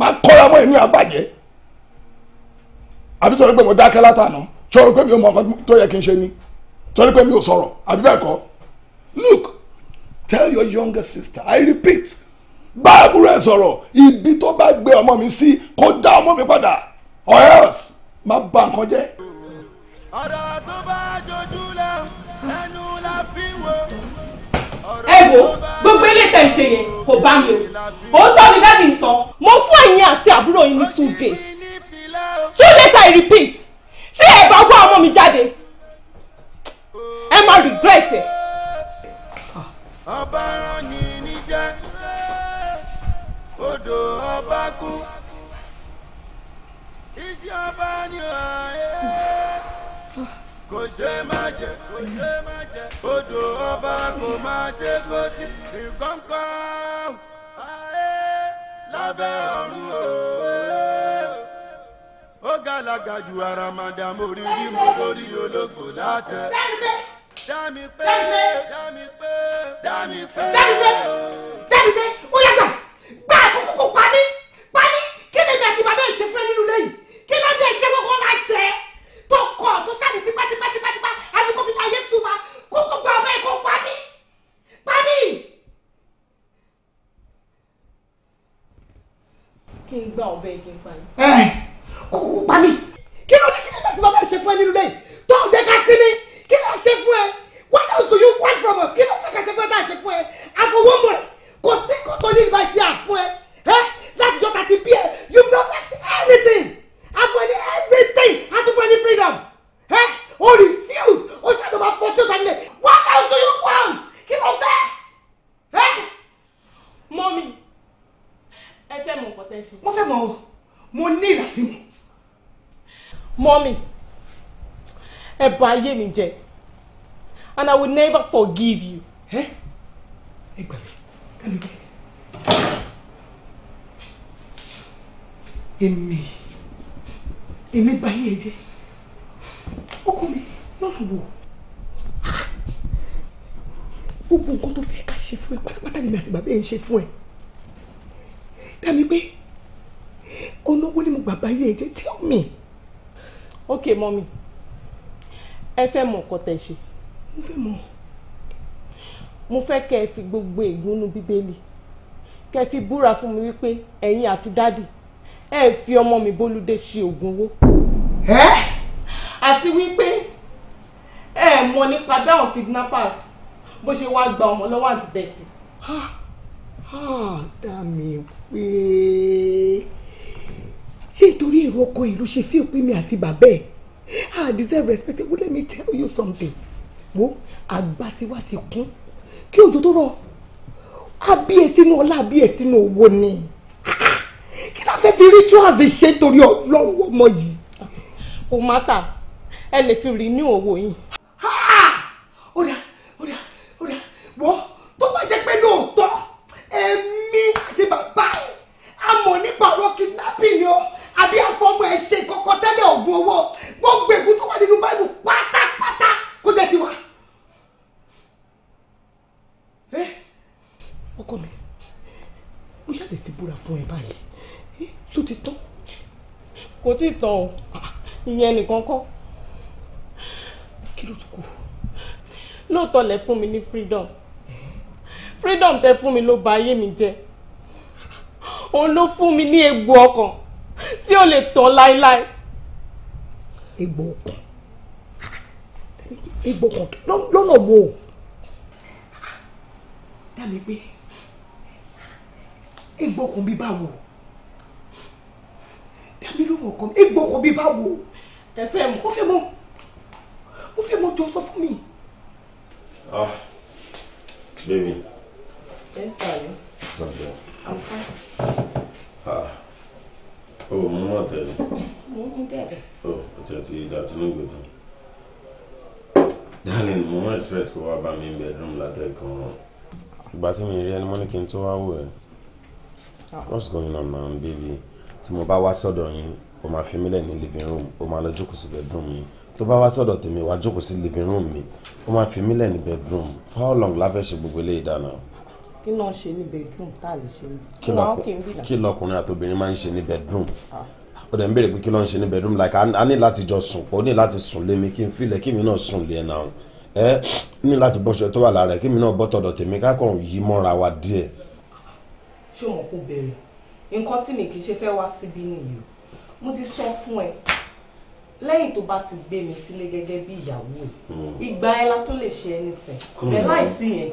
má kọ́ra mọ́ inú àbàjẹ́ àbí torí pé mo dákẹ́ látànà torí pé mi ò mọ nǹkan tó yẹ kí n ṣe ni torí pé mi ò sọ̀rọ̀ àbí bẹ́ẹ̀ look tell your younger sister i repeat bá àbúrò ẹ̀ sọ̀rọ̀ ibi tó bá gbé ọmọ mi sí kó dá ọmọ mi padà or else má bà nǹkan jẹ́. ọ̀rọ̀ tó bá jojú lọ ẹnu la fi wo. ẹ wo gbogbo ilé tẹ̀ ṣe yẹn kò bá mi o òótọ́ ni dáàdi ń sọ mo fún ẹ̀yin àti àbúrò yín ní two days two days I repeat tí ẹ bá wá ọmọ mi jáde ẹ máa regret ẹ. ọba rán yín níjẹ́ odò ọba kú iṣẹ́ ọba ni ọ̀hẹ́ kò ṣe má jẹ kò ṣe má jẹ odò ọba kò má ṣe kó sí ìkọ̀ǹkọ̀n ọ̀hẹ́ lábẹ́ ọ̀run ọ̀hẹ́ ó gàlagà ju aramada mo rí rí mo lórí ológo látẹ. dá mi dá mi pé dá mi pé dá mi pé. ló ṣe fún ẹ nínú lẹ́yìn kí ló dé ṣe gbogbo ńlá ṣe tó kọ tó ṣàdé tipátipátipá àti kó fi láyé túmọ̀ kó kó gba ọmọ ẹ̀ kó pa mí pa mí. kí n gba ọbẹ̀ kí n pa yín. ẹ kó kó pa mí kí ló dé kí nígbà tí bàbá ẹ ṣe fún ẹ nínú lẹ́yìn tó ń dẹ́ka sí mi kí ló ṣe fún ẹ what else do you want from us kí ló ṣe kà ṣe fún ẹ tá a ṣe fún ẹ àfọwọ́mọ̀ ẹ kò sí kó tó ní ìgbà tí a ẹ. That's what tàti bí You've you don get anything àfọ̀ẹ́ni everything àti fọ̀ẹ́ni freedom ẹ o oh, refuse o ṣàdùn máa force you to nílẹ̀ what else do you want Kill ló fẹ́ ẹ. mọ́mí ẹ fẹ́ mọ nǹkan tẹ́ ṣe. mo fẹ́ mọ o mo ní ìrètí mọ. mọ́mí ẹ bà ayé mi jẹ́ and I will never forgive you. ẹ ẹ gbà mí kánú kí èmi èmi báyé ẹ jẹ ọkọ mi lọ́nà wo gbogbo nǹkan tó fẹ́ ká ṣe fún ẹ pátápátá ni mi àti bàbá ẹ ń ṣe fún ẹ dàmí pé ọ̀nà owó ni mo gbà báyé ẹ jẹ tell me. ok mọ́mi ẹ fẹ́ mọ nǹkan tẹ̀ ṣe. mo fẹ́ mọ. mo fẹ́ kẹ́ ẹ fi gbogbo ègúnnú bíbélì kẹ́ ẹ fi búra fún mi wípé ẹ̀yin àti dádì ẹ fi ọmọ mi bólúdé ṣe oògùn owó. àti wípé ẹ mọ nípa báwọn kidnappers bó ṣe wá gba ọmọ lọ́wọ́ àti bẹ̀tì. dá mi pé ṣé nítorí èrò ọkọ ìlú ṣe fi òpin mi àti bàbá ẹ I deserve respect well let me tell you something mo àgbà tiwa ti kún kí òjò tó rọ abíyèsínú ọlá abíyèsínú owó ni la fẹ́ fi rituals ṣe torí ọlọ́run ọmọ yìí. kò má ta ẹ lè fi renew owó yín tán o ìyẹn nìkan kọ́ kí ló tún kù lóòótọ́ lẹ fún mi ní freedom freedom tẹ fún mi ló bà ayé mi jẹ́ òun ló fún mi ní egbò ọkàn tí ó lè tán láéláé. egbò ọkàn egbò ọkàn lọ́nà wo dá mi pé egbò ọkàn bí báwo èmi ló mọ̀ ọkọ mi egbò ọkọ báwo. ẹ fẹ́ mu. mo fẹ́ mọ mo fẹ́ mọ jọ sọ fún mi. ah baby. yes darling. sọ̀rọ̀. i'm fine. ah o mo mọ̀ tẹ̀lé. mo mú dẹ̀dẹ̀. o àti àti ìdàtúnúgbò tán. darling mo mọ̀ expect kó wá bá mi ń bedroom látẹ̀kọ̀ọ́ ìgbà tí mi rí ẹni mọ́ ní kí n tó wá wò ẹ́ ah. what's going on now baby tí mo bá wá sọ́dọ̀ yín o máa fi mí lẹ̀ ní living room o máa lọ jókòó sí bedroom yín tó bá wá sọ́dọ̀ tèmi wá jókòó sí living room mi o máa fi mí lẹ̀ ní bedroom for how long la fẹ́ ṣe gbogbo eléyìí dáná. kí náà ṣe ní bedroom tá a lè ṣe ní. kí lọkùnrin àtobìnrin máa ń ṣe ní bedroom ah. ó dẹ̀ ń béèrè pé kí ló ń ṣe ní bedroom like a ní láti jọ sùn pọ̀ ó ní láti sùn lé mi kí n filẹ̀ kí mi náà sùn lé ẹ̀ e náà ẹ ní láti bọ́ṣọ tó wà lára ẹ̀ kí mi náà bọ́ tọ̀dọ̀ tèmi ká kàn yí mọ́ra wa díẹ̀. ṣé wọn kò bẹ̀rẹ̀ nǹkan tí mi kì í ṣe fẹ́ wá síbí nìyí o mo ti sọ fún ẹ lẹ́yìn tó bá ti gbé mi sílé gẹ́gẹ́ bí ìyàwó ẹ̀ hmm. ìgbà ẹ̀ la tó lè ṣe anything bẹ́ẹ̀ láìsí yẹn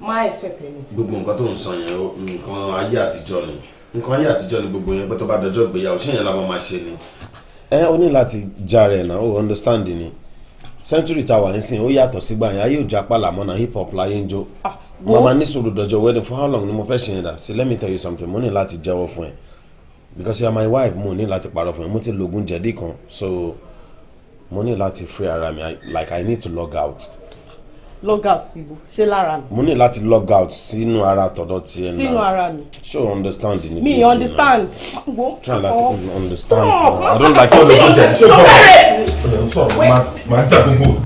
máa expect anything. gbogbo nǹkan tó ń sọ yẹn nǹkan ayé àtijọ́ ni nǹkan ayé àtijọ́ ni gbogbo yẹn pé tó bá dọjọ́ ìgbéyàwó ṣé yẹn la máa máa ṣe ni. ẹ o ní láti jàre ẹ̀ náà o understand ni century tower ń sìn ó yàtọ̀ sígbà yẹn ayé ò jápá làmọ́ na hip hop láyé ń jó. ah mama ní sùúrù dọjọ́ wedding for how long ni mo fẹ́ ṣe yẹn dà sí let me tell you something mo ní láti jẹ́wọ́ fún ẹ because you are my wife mo ní láti parọ́ fún ẹ mo ti lògùn jẹ̀dí kan so mo ní láti free ara mi like i need to log out. log out síbo ṣé lára mi. mo ní láti log out sínú ara tọ̀dọ̀ tiẹ̀ náà sínú ara mi. so understand ni. me understand. wo try láti understand. i don't like your logic. ṣé o sọ̀rọ̀ máa jà gbogbo.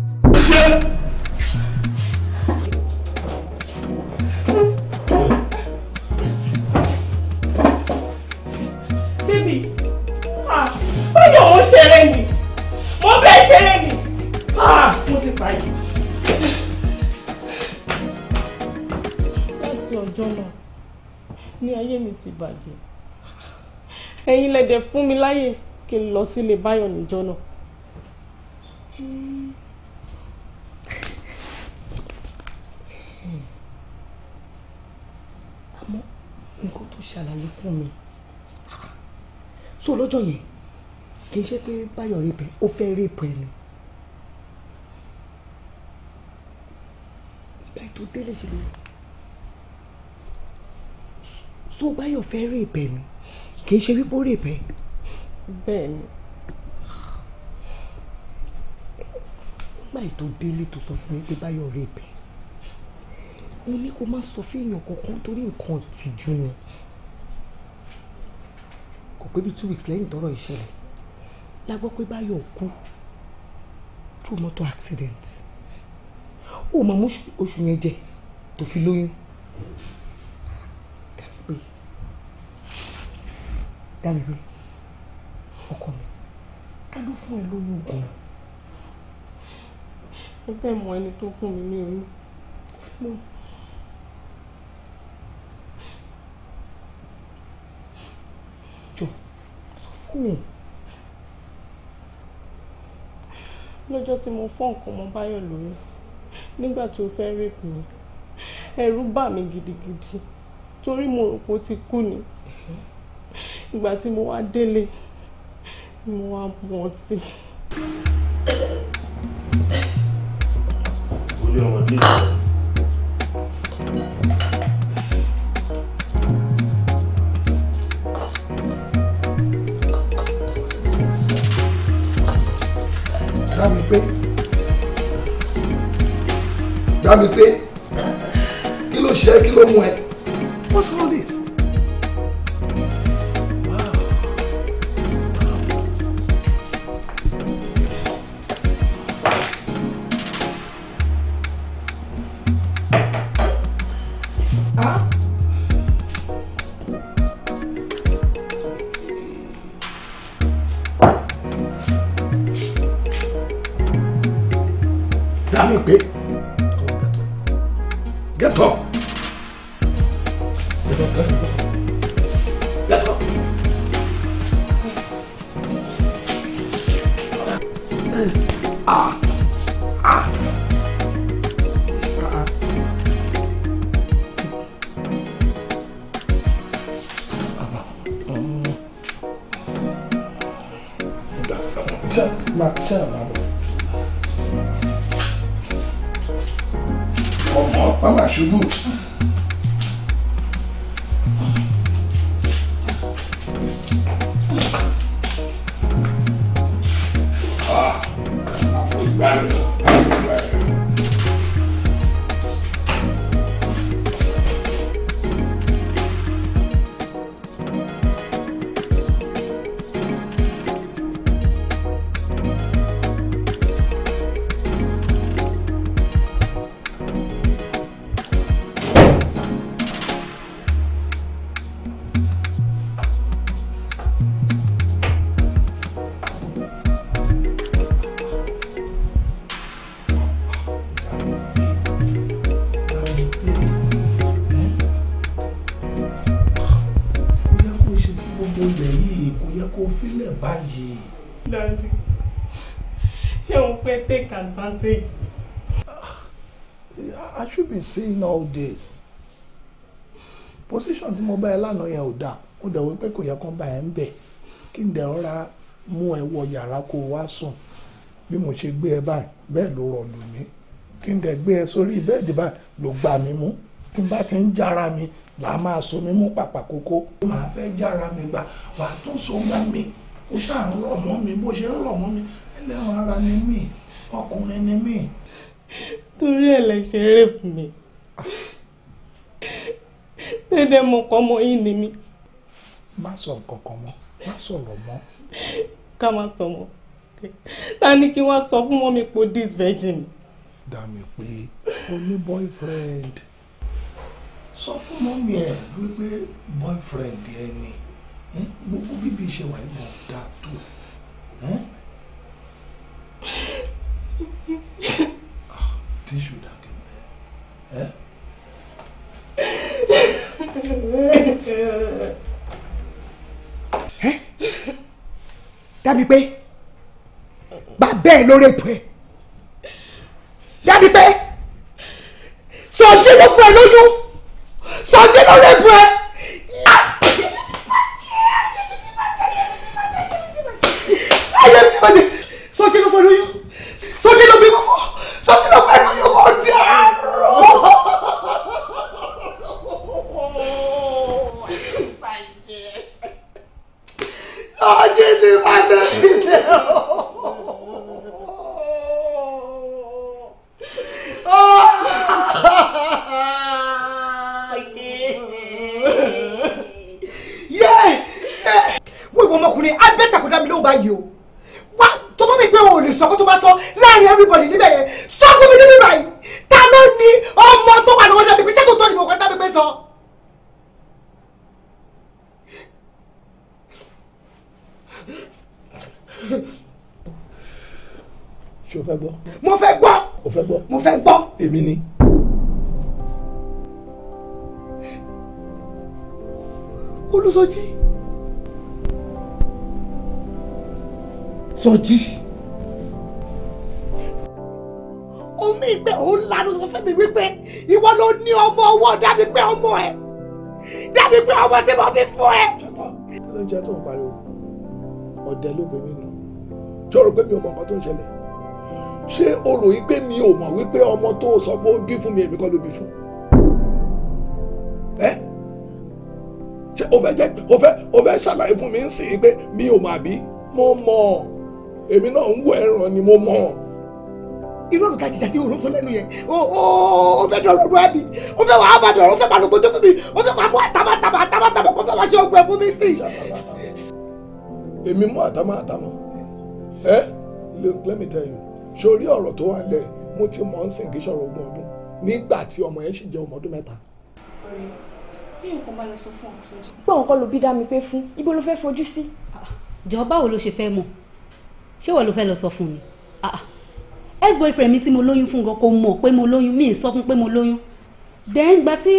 ti bàjẹ́ ẹ̀yin lẹ́dẹ̀ fún mi láyè kí n lọ sílé báyọ̀ níjọ́ náà. àmọ́ nǹkan tó ṣàlàyé fún mi so lọ́jọ́ yẹn kì í ṣe pé báyọ̀ rèébẹ̀ ó fẹ́ rèébẹ̀ ni. báyìí tó délé ṣe lóyún so báyọ̀ fẹ́ rèébẹ mi kì í ṣe wípé ó rèébẹ. bẹ́ẹ̀ni. nígbà ètò délé tó sọ fún mi pé báyọ̀ rèébẹ mo ní kó má sọ fẹ́yàn kankan torí nǹkan ìtìjú ni kò pé bí two weeks lẹ́yìn tọ́rọ̀ ìṣẹ̀lẹ̀ la gbọ́ pé báyọ̀ kú through motor accident ó mọ̀ mú oṣù yẹn jẹ tó fi lóyún. dábì pé ọkọ mi ká ló fún ẹ lóyún oògùn. mo fẹ́ mọ ẹni tó fún mi ní oyún. jọ sọ fún mi. lọ́jọ́ tí mo fọ́ nǹkan mọ́ báyọ̀ lóyún nígbà tó fẹ́ rèpù mi ẹ̀rù bà mí gidigidi torí mo rò pé ó ti kú ni ìgbà tí mo wá délé ni mo wá mu ọtí. ojú ọmọdé yìí. Dámipé Dámipé kí ló ṣe é kí ló mú ẹ what's all this. advantage. I should be seeing all this. Position tí mo bá ẹ lánàá yẹn ò dáa, mo dẹ̀ wípé kò yẹ kán bá ẹ ń bẹ̀. Kí n dẹ̀ rọra mú ẹ wọ yàrá kó o wá sùn. Bí mo ṣe gbé ẹ báyìí, bẹ́ẹ̀ ló rọ̀lù mí. Kí n dẹ̀ gbé ẹ sórí bẹ́ẹ̀dì báyìí ló gbà mí mú. Tí n bá ti ń jára mi, là á máa so mi mú pàpà kókó. Màá fẹ́ jára mi gbà, wàá tún so mọ́ mi. Ó ṣáà rọ̀ mọ́ mi bó ṣe ń rọ̀ mọ́ mi. Ẹlẹ́ran ara ni mí ọkùnrin ni mí. torí ẹ̀ lẹ ṣe rẹ́pù mi dédé mo kọ́ ọmọ yín ni mí. má sọ nǹkan kan mọ́ má sọ̀rọ̀ mọ́. ká má sọ mọ́ ta ni kí wọ́n sọ fún mọ́mi pé dis virgin. dá mi pé o ní boyfriend sọ fún mọ́mi ẹ̀ wípé boyfriend ẹ ni gbogbo bíbí ìṣèwà ìmọ̀ dáa tó tíṣù dàkẹ́ mẹ́ ẹ́. dábìí pé bá bẹ́ẹ̀ lórí ètò ẹ̀ dábìí pé sọ̀jí ló fún ẹ lóyún sọ̀jí ló rẹ̀ bù ẹ́. ayé mi ò ní sọ̀jí ló fún ẹ lóyún sókè ló bí mọ́ sókè ló fẹ́ lóyún mọ́ dàrú. sókè ti bàtà sílẹ̀ o. Yeah! Yeah! Gbogbo ọmọkùnrin, I better kò dá mi lóhùn báyìí o fún mi pé o ò lè sọ kó tó bá sọ láàrin everybody níbẹ̀ yẹn sọ fún mi níbí báyìí ta ló ní ọmọ tó wà lọ́wọ́ náà pípé sẹ́tò tó ní mo kọ́ tá pípé sọ. ṣé o fẹ́ gbọ́. mo fẹ́ gbọ́. o fẹ́ gbọ́. mo fẹ́ gbọ́. èmi ni. olùsọjí. sọjí. So ní ìgbẹ́ òun lanu sọ fún mi wípé ìwọ ló ní ọmọ ọwọ́ dàbí pé ọmọ ẹ dàbí pé ọmọ tí mo fi fún ẹ. kí ló ń jẹ́ tó ń pariwo ọ̀dẹ ló gbé mi ni tí o rò pé mi ò mọ nǹkan tó ń ṣẹlẹ̀ ṣé o rò yí pé mi ò mọ̀ wípé ọmọ tó sọ pé ó bí fún mi èmi kọ́ ló bí fún ẹ ṣé o fẹ́ jẹ́ o fẹ́ o fẹ́ ṣàlàyé fún mi ń sìn pé mi ò mà bí mo mọ̀ èmi náà ń wọ ẹran ni mo mọ̀ irú ọ̀gá jíjà tí òun sọ lẹ́nu yẹn ó fẹ́ dọ̀rọ̀ ọ̀rọ̀ ẹ̀mí ó fẹ́ wàá bá dọ̀rọ̀ ó fẹ́ pàlọ́ gbọ́dọ̀ fún mi ó fẹ́ pàmò àtàmà àtàmà àtàmà àtàmà kó fẹ́ wá ṣe ọgbẹ́ fún mi sí. èmi mú àtàmà àtàmà ẹ let me tell you sórí ọ̀rọ̀ tó wà lẹ̀ mo ti mọ̀ ń sìn kí sọ̀rọ̀ ogún ọdún nígbà tí ọmọ yẹn sì jẹ́ ọmọ ọdún mẹ́ta. ọ̀rẹ́ kí nǹkan bá lọ mi pé fún ibo ló fẹ́ fojú sí. Ah, jọ báwo ló ṣe fẹ́ mọ̀ ṣé wọ́n lọ sọ fún mi ah, ah ex boyfriend mi tí mo lóyún fún gan kò mọ̀ pé mo lóyún mi sọ fún pé mo lóyún then gba tí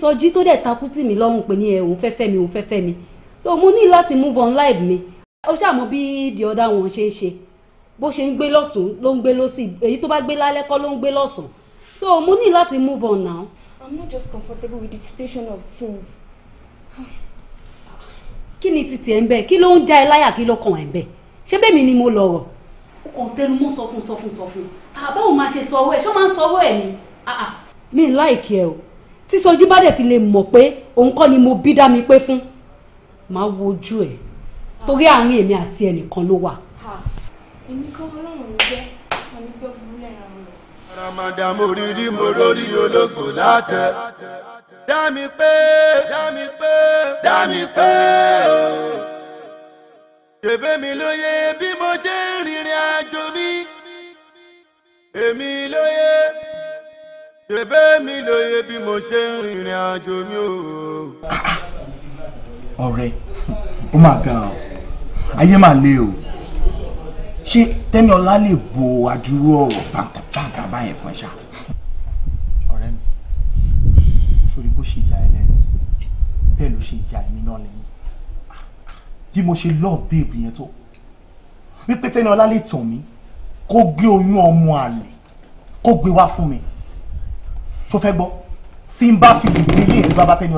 sọjí tó dẹ̀ takú sí mi lọ́rùn pé ní ẹ òun fẹ́ fẹ́ mi òun fẹ́ fẹ́ mi so mo ní láti move on life mi ó ṣàmọ bí the other one ṣe ń ṣe bó ṣe ń gbé lọ́tún ló ń gbé lọ́sì èyí tó bá gbé lálẹ́ kọ́ ló ń gbé lọ́sàn so mo ní láti move on now. I'm not just comfortable with the situation of things. kí ni titi ẹ̀ ń bẹ̀ kí ló ń já ẹ láyà kí ló kàn ẹ̀ ń bẹ̀ ṣé bẹ́ẹ̀ mi ni mo lọ̀rọ̀ ó kàn tẹnu mọ́ sọ fún sọ fún sọ fún àbá máa ṣe sọ ọwọ́ ẹ̀ ṣé ó máa ń sọ ọwọ́ ẹ̀ ni. mi láìkí ẹ o tí Sọjí bá dẹ̀ fi lè mọ̀ pé òun kọ́ ni mo bí dá mi pé fún máa wojú ẹ̀ torí àárín èmi àti ẹnìkan ló wà. èmi kọ́ ọlọ́run ló jẹ́ ọ̀nì pé burú lẹ́nu rẹ̀. Ramadan mo rí ológo látẹ. dá mi pé dá mi pé dá mi pé ooo èbé mi ló yẹ bí mo ṣe ń rìnrìn àjò mi èmi ló yẹ mi ló bí mo ṣe rìnrìn àjò mi o. ọ̀rẹ́ ó mà ga ọ ayé mà le o ṣé tẹ́mi ọlá lè bo adúrú ọ̀rọ̀ bàǹtàbàǹtà báyẹn fún ṣá. ọ̀rẹ́ mi sórí bó ṣe yà ẹ́ lẹ́nu bẹ́ẹ̀ ló ṣe yà èmi náà lẹ́nu bí mo ṣe love babe yẹn tó wípé tẹ́ni ọlá lè tàn mí kó gbé oyún ọmọ àlè kó gbé wá fún mi ṣó fẹ́ gbọ́ tí n bá fi lè ilé ìtura bá tẹ́ni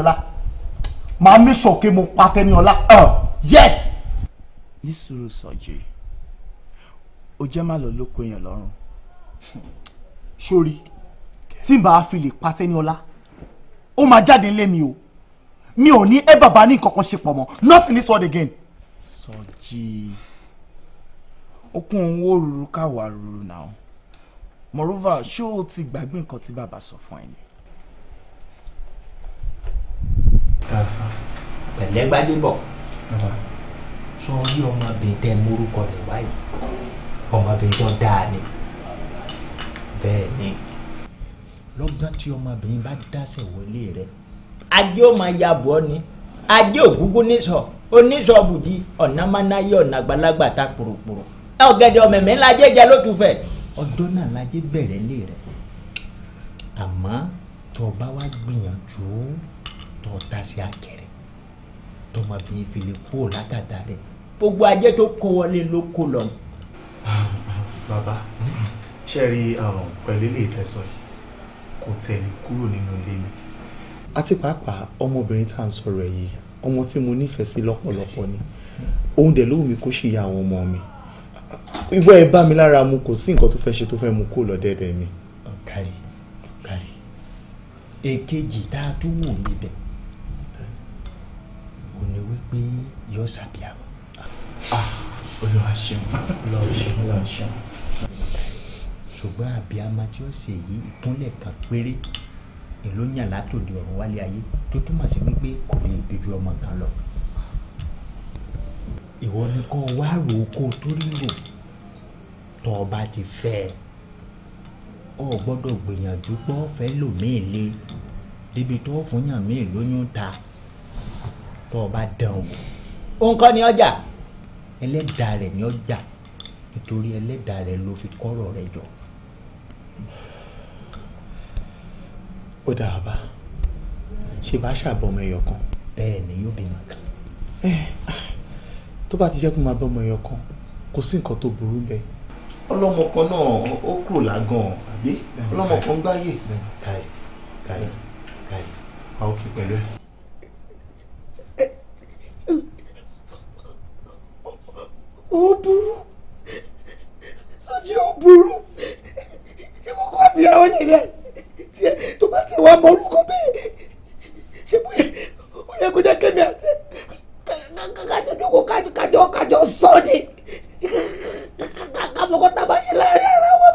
màá make sure mo pa tẹ́ni ọlá uh, yes. ní o jẹ́ má lọ lóko èèyàn lọ́rùn. sórí tí n bá fi lè pa tẹ́ni ó máa jáde nílé mi o mi ò ní ever bá ní nǹkan kan ṣe pọ̀ mọ́ nothing is all again. Soji. Okun owó ruru ká ruru náà. Moreover, ṣé o ti gbàgbé nǹkan tí bàbá sọ fún ẹ ni? Pẹ̀lẹ́ Gbádébọ̀. Sọ orí ọmọbìnrin tẹ morúkọ rẹ̀ wáyé. Ọmọbìnrin tó dáa ni. Bẹ́ẹ̀ ni. Lọ́gán tí ọmọbìnrin bá dáṣẹ̀ wọlé rẹ̀, ajé ó máa yabọ̀ ni ajé ògúngún nísọ onísọ bùjí ọ̀nà mánáyé ọ̀nà àgbàlagbà ta kpòròkpòrò ọ̀gẹ̀dẹ̀ ọ̀mẹ̀mẹ̀ lajẹ jẹ lótú fẹ ọjọ́ náà lajẹ bẹ̀rẹ̀ lé rẹ̀ àmọ́ tó bá wá gbìyànjú tó ta sí akẹrẹ tọmọbìnrin fìlè kú ò látàtà rẹ gbogbo ajé tó kó wọlé ló kó lọ. bàbá ṣe rí um, pẹ̀lú ilé ìtẹ̀sọ̀ yìí kò tẹ̀lé kúrò nínú ilé mi àti pàápàá ọmọbìnrin tá à ń sọ̀rọ̀ ẹ̀ yìí ọmọ tí mo nífẹ̀ẹ́ sí lọ́pọ̀lọpọ̀ ni òun dẹ̀ lóhùn mi kó ṣì ya àwọn ọmọ mi ìwọ ẹ bá mi lára mu kò sí nǹkan tó fẹ́ ṣe tó fẹ́ mu kó lọ dẹ́dẹ̀ mi. ọ̀kàrẹ̀ ọ̀kàrẹ̀ èkejì tá a tún wò níbẹ̀ ò ní wípé yóò ṣàbíàmù. Ah, olùwà ṣeun olùwà ṣùgbọ́n àbíàmà tí ó ṣe yìí ìkúnlẹ̀ kan péré èló yàn látòdì ọ̀run wálé ayé tó túmọ̀ sí wípé kò lè gbèjú ọmọ kan lọ. ìwọ ni kó wá rò ó kó tó lílò tó o bá ti fẹ́ ẹ ọ gbọ́dọ̀ gbìyànjú pé ọ fẹ́ lòmíì lé débi tó fún yàn míì lóyún ta tó o bá dán o. òun kọ́ ni ọjà ẹlẹ́dàá rẹ̀ ni ọjà nítorí ẹlẹ́dàá rẹ̀ ló fi kọ́rọ̀ rẹ̀ jọ ó dáa bá ṣe bá ṣàbọ̀ ọmọ ẹyọ kan. bẹ́ẹ̀ ni yóò bímọ kan. tó bá ti jẹ́ kó máa bọ́ ọmọ ẹyọ kan kò sí nǹkan tó burú bẹ́ẹ̀. ọlọ́mọ kan náà ó kúrò lágàn àbí ọlọ́mọ kan gbáyè. kárí kárí kárí. a ó kí pẹ̀lú ẹ. ó burú sójú ó burú ṣé àti ìyàwó yẹn bẹ́ẹ̀ tiẹ̀ tó bá ti wà mọ́ orúkọ bẹ́ẹ̀ ṣé bóyá ó yẹ kó jẹ́ kẹ́mi àti kájọ dúkọ kájọ kájọ sọ ni kámọ́kọ́ tá a bá ṣe láàrin ara wọn.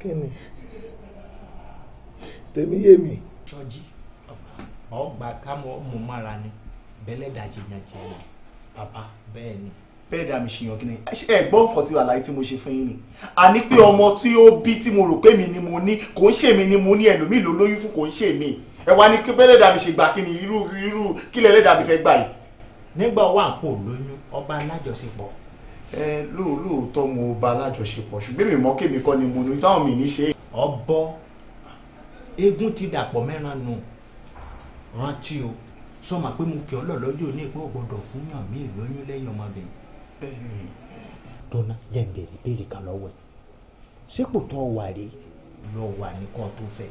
kíni tèmi yé mi. sọjí ọgbà kámọ mọ mára ni bẹlẹdà ṣe yàn jẹ bàbá bẹ́ẹ̀ ni bẹ́ẹ̀ dà mí ṣèyàn kí ni ẹ̀gbọ́n nǹkan tí àlàyé tí mo ṣe fún yín ni àní pé ọmọ tí ó bí tí mo rò pé mi ni mo ní kò ń ṣèmi ni mo ní ẹlòmíì ló lóyún fún kò ń ṣèmi ẹ wá ní bẹ́ẹ̀ dà mí ṣe gbà kí ni irú irú kí lẹ́ẹ̀ dà mí fẹ́ gbà yìí. nígbà wà ń pò lóyún ọba alájọṣepọ̀. ẹ lóòótọ́ mo ba alájọṣepọ̀ ṣùgbọ́n èmi mọ́ kémi kọ́ ni mo ní táwọn mi ní ṣe. ọbọ eégún ti dàpọ̀ mẹ́ran nù rántí o sọ ma pé mo kí ọlọ́lọ́jọ́ ní ìpín ògbọ́dọ̀ dọ́nà jẹ́ ń béèrè béèrè kan lọ́wọ́ ẹ̀ sípò tó wà rí lọ wà ní kan tó fẹ́.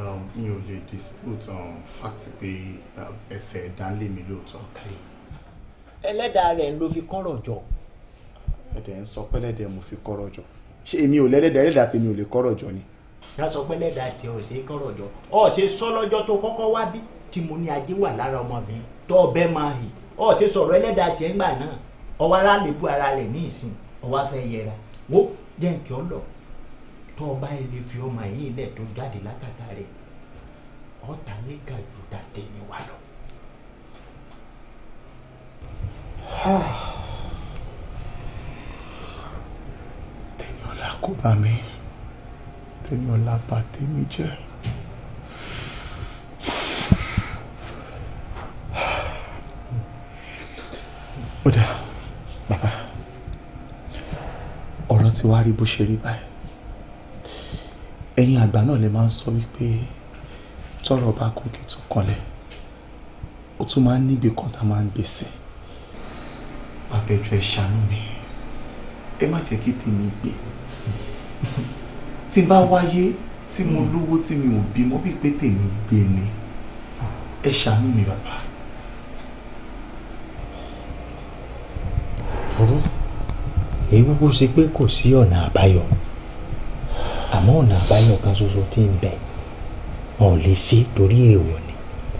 Um, mi ò lè dispute um, fact pé um, ẹsẹ̀ ẹ̀dá lè mí lóòótọ́. ẹlẹ́dàá rẹ̀ ló fi kọ́rọ̀ jọ. ẹ̀dẹ̀ ń sọ pẹ́lẹ́dẹ̀ mo fi kọ́rọ̀ jọ ṣé èmi ò lẹ́lẹ́dàá ẹlẹ́dàá tèmi ò lè kọ́rọ̀ jọ ni. sásọ pẹ́lẹ́dàá tiẹ̀ ò ṣe é kọ́rọ̀ jọ ọ̀ ṣe sọ lọ́jọ́ tó kọ́kọ́ wá bí tí mo ní ajé wà lára ọmọ mi tó ọbẹ̀ máa hì ọ̀ ṣe sọ̀rọ̀ ẹlẹ́dàá tiẹ̀ ń gbà náà ọwọ́ ara lè bu ara rẹ̀ ní ìsìn ọwọ́ afẹ́ yẹra wo jẹ́ kí ọ lọ tọ́ ọba ilé fi ọmọ yìí lẹ̀ tó jáde lákàtà rẹ̀ ọ̀tá lè ga tẹ̀yìn wá lọ. tèmi ọlá kò bá mi tèmi ọlá bá tèmi jẹ́. ó dà bàbá ọ̀rọ̀ ti wá rí bó ṣe rí báyìí ẹ̀yin àgbà náà lè máa ń sọ wípé tọ́rọ̀ bá kókè tó kanlẹ̀ ó tún máa ń níbi kan tá a máa ń gbèsè bàbá ẹjọ́ ẹ ṣàánú mi ẹ má jẹ́ kí tèmi gbé tí n bá wáyé tí mo lówó tí mi ò bímọ bíi pé tèmi gbé ni ẹ ṣàánú mi bàbá. burú èyí kúkú ṣe pé kò sí ọ̀nà àbáyọ àmọ́ ọ̀nà àbáyọ kan ṣoṣo tí ń bẹ wọn ò lè ṣe torí èèwọ̀ ni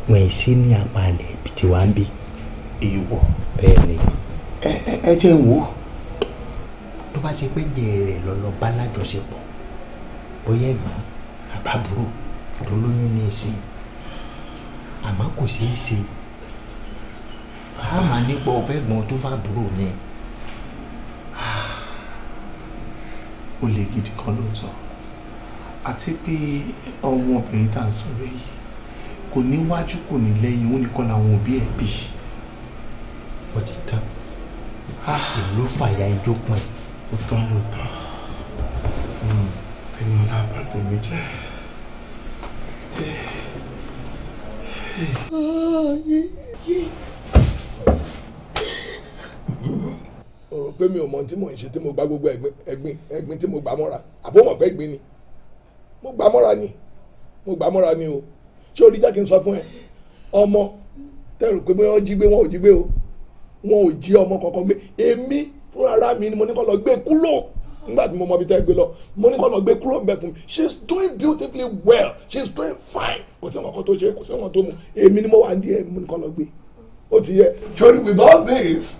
wọn ì ṣe ní apá alẹ̀ ibi tí wàá ń bí. èèwọ̀ bẹ́ẹ̀ ni. ẹ ẹ jẹ́ ń wò ó. tó bá ṣe pé jẹ́ rẹ̀ lọ́lọ́ bá lájọṣepọ̀ bóyá ẹ̀gbọ́n àbábúrò tó lóyún ní ìsìn àmọ́ kò ṣeé ṣe. a nípa ọ̀fẹ́ gbọ́n tó fà búrò ni. Mm. olè gidi kan lóòótọ́ àti pé ọmọbìnrin tá à ń sọ̀rọ̀ yìí kò níwájú kò ní lẹ́yìn òun nìkan làwọn òbí ẹ̀ bí. wọ́n ti tán ah. èyí ló fàyà ẹjọ́ pọ̀ ẹ̀. ó tán ló tán hmm, tẹnu alábàtẹ mi jẹ́. Yeah. Eh. o rò pé mi ò mọ ohun tí mò ń ṣe tí mo gba gbogbo ẹ̀gbin ẹ̀gbin tí mo gbà mọ́ra àbó mọ̀ pé ẹ̀gbin ni mo gbà mọ́ra ni mo gbà mọ́ra ni o ṣé orí jákè ń sọ fún ẹ ọmọ tẹrù pé wọ́n jí gbé wọn ò jí gbé o wọn ò jí ọmọ kankan gbé èmi fúnra mi ni mo ní kó lọ gbé kúrò nígbà tí mo mọ ibi tẹ́ gbé lọ mo ní kó lọ gbé kúrò nbẹ fún mi she is doing beautifully well she is doing fine kò sí nǹkan tó ṣe kò sí nǹkan tó mu èmi ni mo wà ní ẹ mo ní kó lọ gbé ó ti yẹ. sori with all this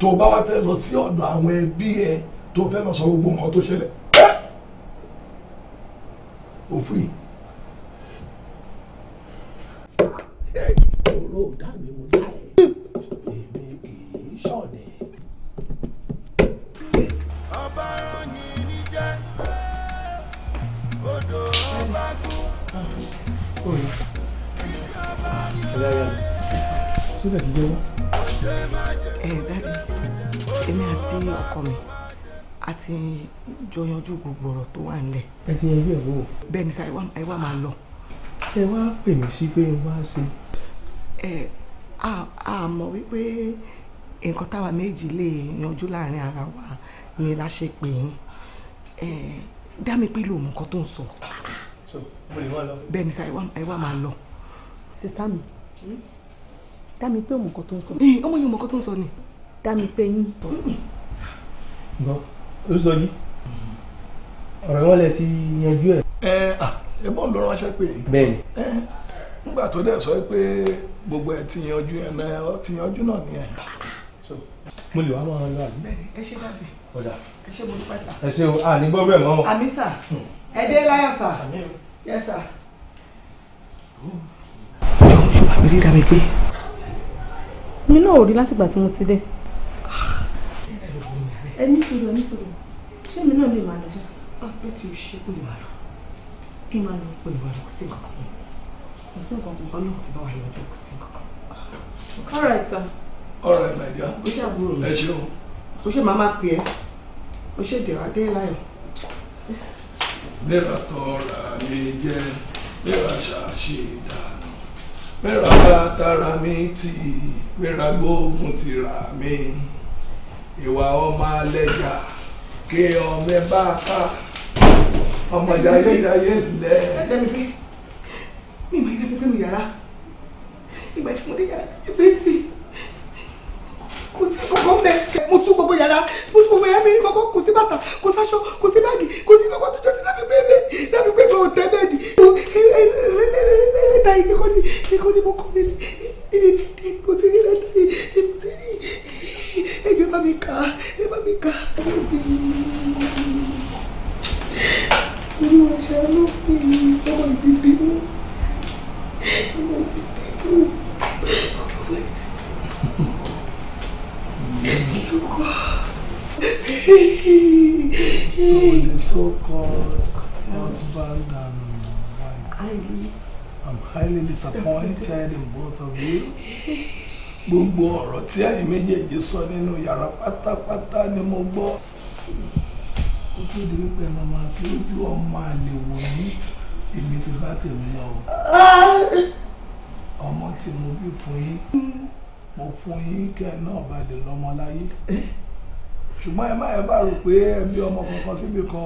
tó bá wá fẹ́ lọ sí ọ̀dọ̀ àwọn ẹbí ẹ tó fẹ́ lọ sọ gbogbo nǹkan tó ṣẹlẹ̀ ó fìrì. ọ̀rọ̀ ọ̀dà mi èmi àti ọkọ mi a ti jọ yanjú gbogbo ọ̀rọ̀ tó wà nílẹ̀. ẹ ti yanjú ẹ̀ wò. bẹ́ẹ̀ ni sá ẹ wá máa lọ. ẹ wá pè mí sí pé wá sí. ẹ a mọ̀ wípé nǹkan táwa méjì lè yanjú láàrin ara wa ni la ṣe pè yín dá mi pé ló nǹkan tó ń sọ. bẹ́ẹ̀ ni sá ẹ wá máa lọ. sista mi hmm? dá mi pé òmùkọ́ tó ń sọ. ọmọ yìí òmùkọ́ tó ń sọ ni dá mi pé yín. gbọ́ ló sọ yìí ọ̀rọ̀ wọn lẹ ti yanjú ẹ̀. ẹ à ẹ bọ́ ló ránṣẹ́ pé. bẹ́ẹ̀ni. nígbà tó dẹ̀ sọ pé gbogbo ẹ ti yanjú ẹ náà ọ ti yanjú náà nìyẹn. mo lè wá máa lọ àbí. bẹ́ẹ̀ni ẹ ṣe dàbí. ọ̀dà ẹ ṣe mo dúpẹ́ ẹ ṣe o a ní gbọ́ bẹ́ẹ̀ mọ́. àmì sà ẹ dé láyà sà. yẹ sà. ìyá oṣù àbírí dá mi pé. mi náà ò rí látìgbà tí mo ti dé. ẹ ní sùúrù ẹ ṣé èmi náà lè máa lọ ṣá. ọpẹ́ ah, tí o ṣe kó lè máa lọ kí n máa lọ kó lè máa lọ kó sí nǹkan kan kó sí nǹkan kan Ọlọ́run ti bá wa yọ kó sí nǹkan kan. all right sir. all right my dear. o ṣe àbúrò mi. ẹ ṣe o. o ṣe màmá pè é o ṣe dẹ̀wà dé láyọ̀. mẹ́ra tọ́ra mi jẹ́ mẹ́ra ṣàṣe ìdáná mẹ́ra tara mi tì mẹ́ra gbógun tìra mi ìwà ọmọ alẹ́jà kí ọmọ ẹ bá ká ọmọ jayéjayé sílẹ̀. ẹgbẹ́ mi pé mi ìmọ̀ ìdẹ́gbẹ́ mi yàrá ìgbà tí mo dé yàrá ẹgbẹ́ sí i kò sí kọ̀kọ́ mbẹ mo tún gbogbo yàrá mo tún gbogbo yàrá mi ní kọ̀kọ́ kò sí bàtà kò sáṣọ kò sí báàgì kò sí kọ̀kọ́ tó jọ lábẹ́ bẹ́ẹ̀ lábẹ́ bẹ́ẹ̀ bẹ́ẹ̀ tẹ́ bẹ́ẹ̀ di lẹ́tà yìí nìkan ni nìkan ni mo kọ́ mi ní mo ti rí lẹ́tà yìí mo ti rí ẹgbẹ́ bá mi kà á ẹgbẹ́ bá mi kà á. olúwa ṣàánú fún mi ọmọ ìbíbí mú. the so-called husband and wife. I'm highly disappointed in both of you. Gbogbo ọ̀rọ̀ tí ẹ̀yin méjèèjì sọ nínú yàrá pátápátá ni mo gbọ́. Ó tó di wípé màmá fi ojú ọmọ àlè wò mí, èmi ti bá tèmi lọ. Ọmọ tí mo bí fún yín, mo fún yín kẹ́ ẹ náà balẹ̀ lọ́mọ láyé ṣùgbọ́n ẹ má ẹ bá rò pé ẹ bí ọmọ kankan síbi kan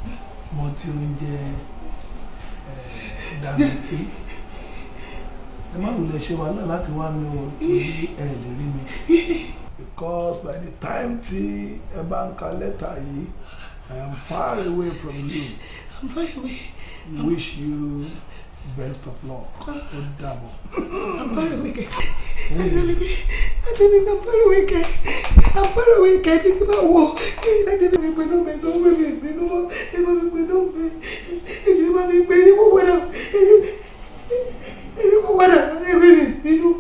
mo ti oúnjẹ eh, dàbí pé ẹ má wulẹ̀ ṣe wàhálà láti wá mi o ní ẹ lè rí mi because by the time tí ẹ bá ń ka lẹ́tà yìí I am far away from you. I Wish you best of luck ó dàbọ̀. I'm far away kẹ́ Adébíbí Adébíbí I'm far away kẹ́ I'm far away kẹ́ bí ti bá wọ̀ kẹ́yìn Adébíbí mi pẹ̀lú mi tó wé mi mi lọ́wọ́ ẹ bá mi pẹ̀lú mi èyí bá mi pẹ̀lú mi wọ́dà èyí kò wọ́dà ẹgbẹ́ mi bínú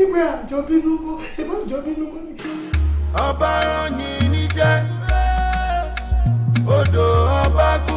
ẹgbẹ́ àjọ bínú mọ́ ẹgbẹ́ àjọ bínú mọ́ nìkan. ọba I'm yìí níjẹ́ odò ọba kú.